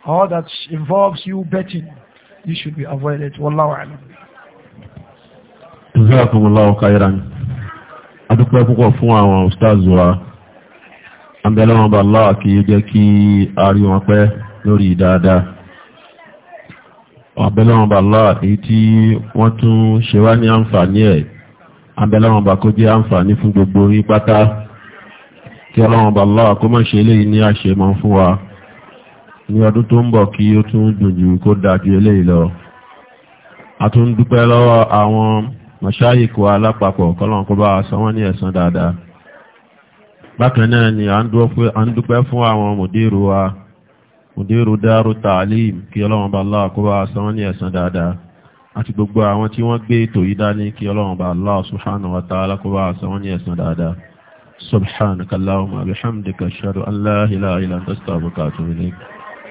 [SPEAKER 1] All that involves you betting, you should be avoided. Wallahu alam.
[SPEAKER 2] Jazakumullahu khairan. Adúpẹ́ púpọ̀ fún àwọn ustaz wa. Àbẹ̀lẹ́wọ̀n bá Allah ki ó ki kí a rí wọn pẹ́ lórí dáadáa. Àbẹ̀lẹ́wọ̀n Allah èyí tí wọ́n tún ṣe wá ní àǹfààní ẹ̀. Àbẹ̀lẹ́wọ̀n bá kó jẹ́ àǹfààní fún gbogbo orí pátá. Kí ọlọ́wọ̀n bá Allah kó má ṣe eléyìí ní àṣemọ́ fún wa. ní ọdún tó ń bọ̀ kí ó tún dùnjù kó dájú eléyìí lọ a tún dúpẹ́ lọ́wọ́ àwọn mọ̀ṣáyìkò alápapọ̀ kọ́lọ́n kó bá san ní ẹ̀san dáadáa bákan náà a ń dúpẹ́ fún àwọn mùdírù wa mùdírù dáàrú tààlìm kí ọlọ́run bá kó gbogbo àwọn tí wọ́n gbé ètò yìí dání kí ọlọ́run bá wa ta'ala kó bá ní dáadáa la ilaha illa anta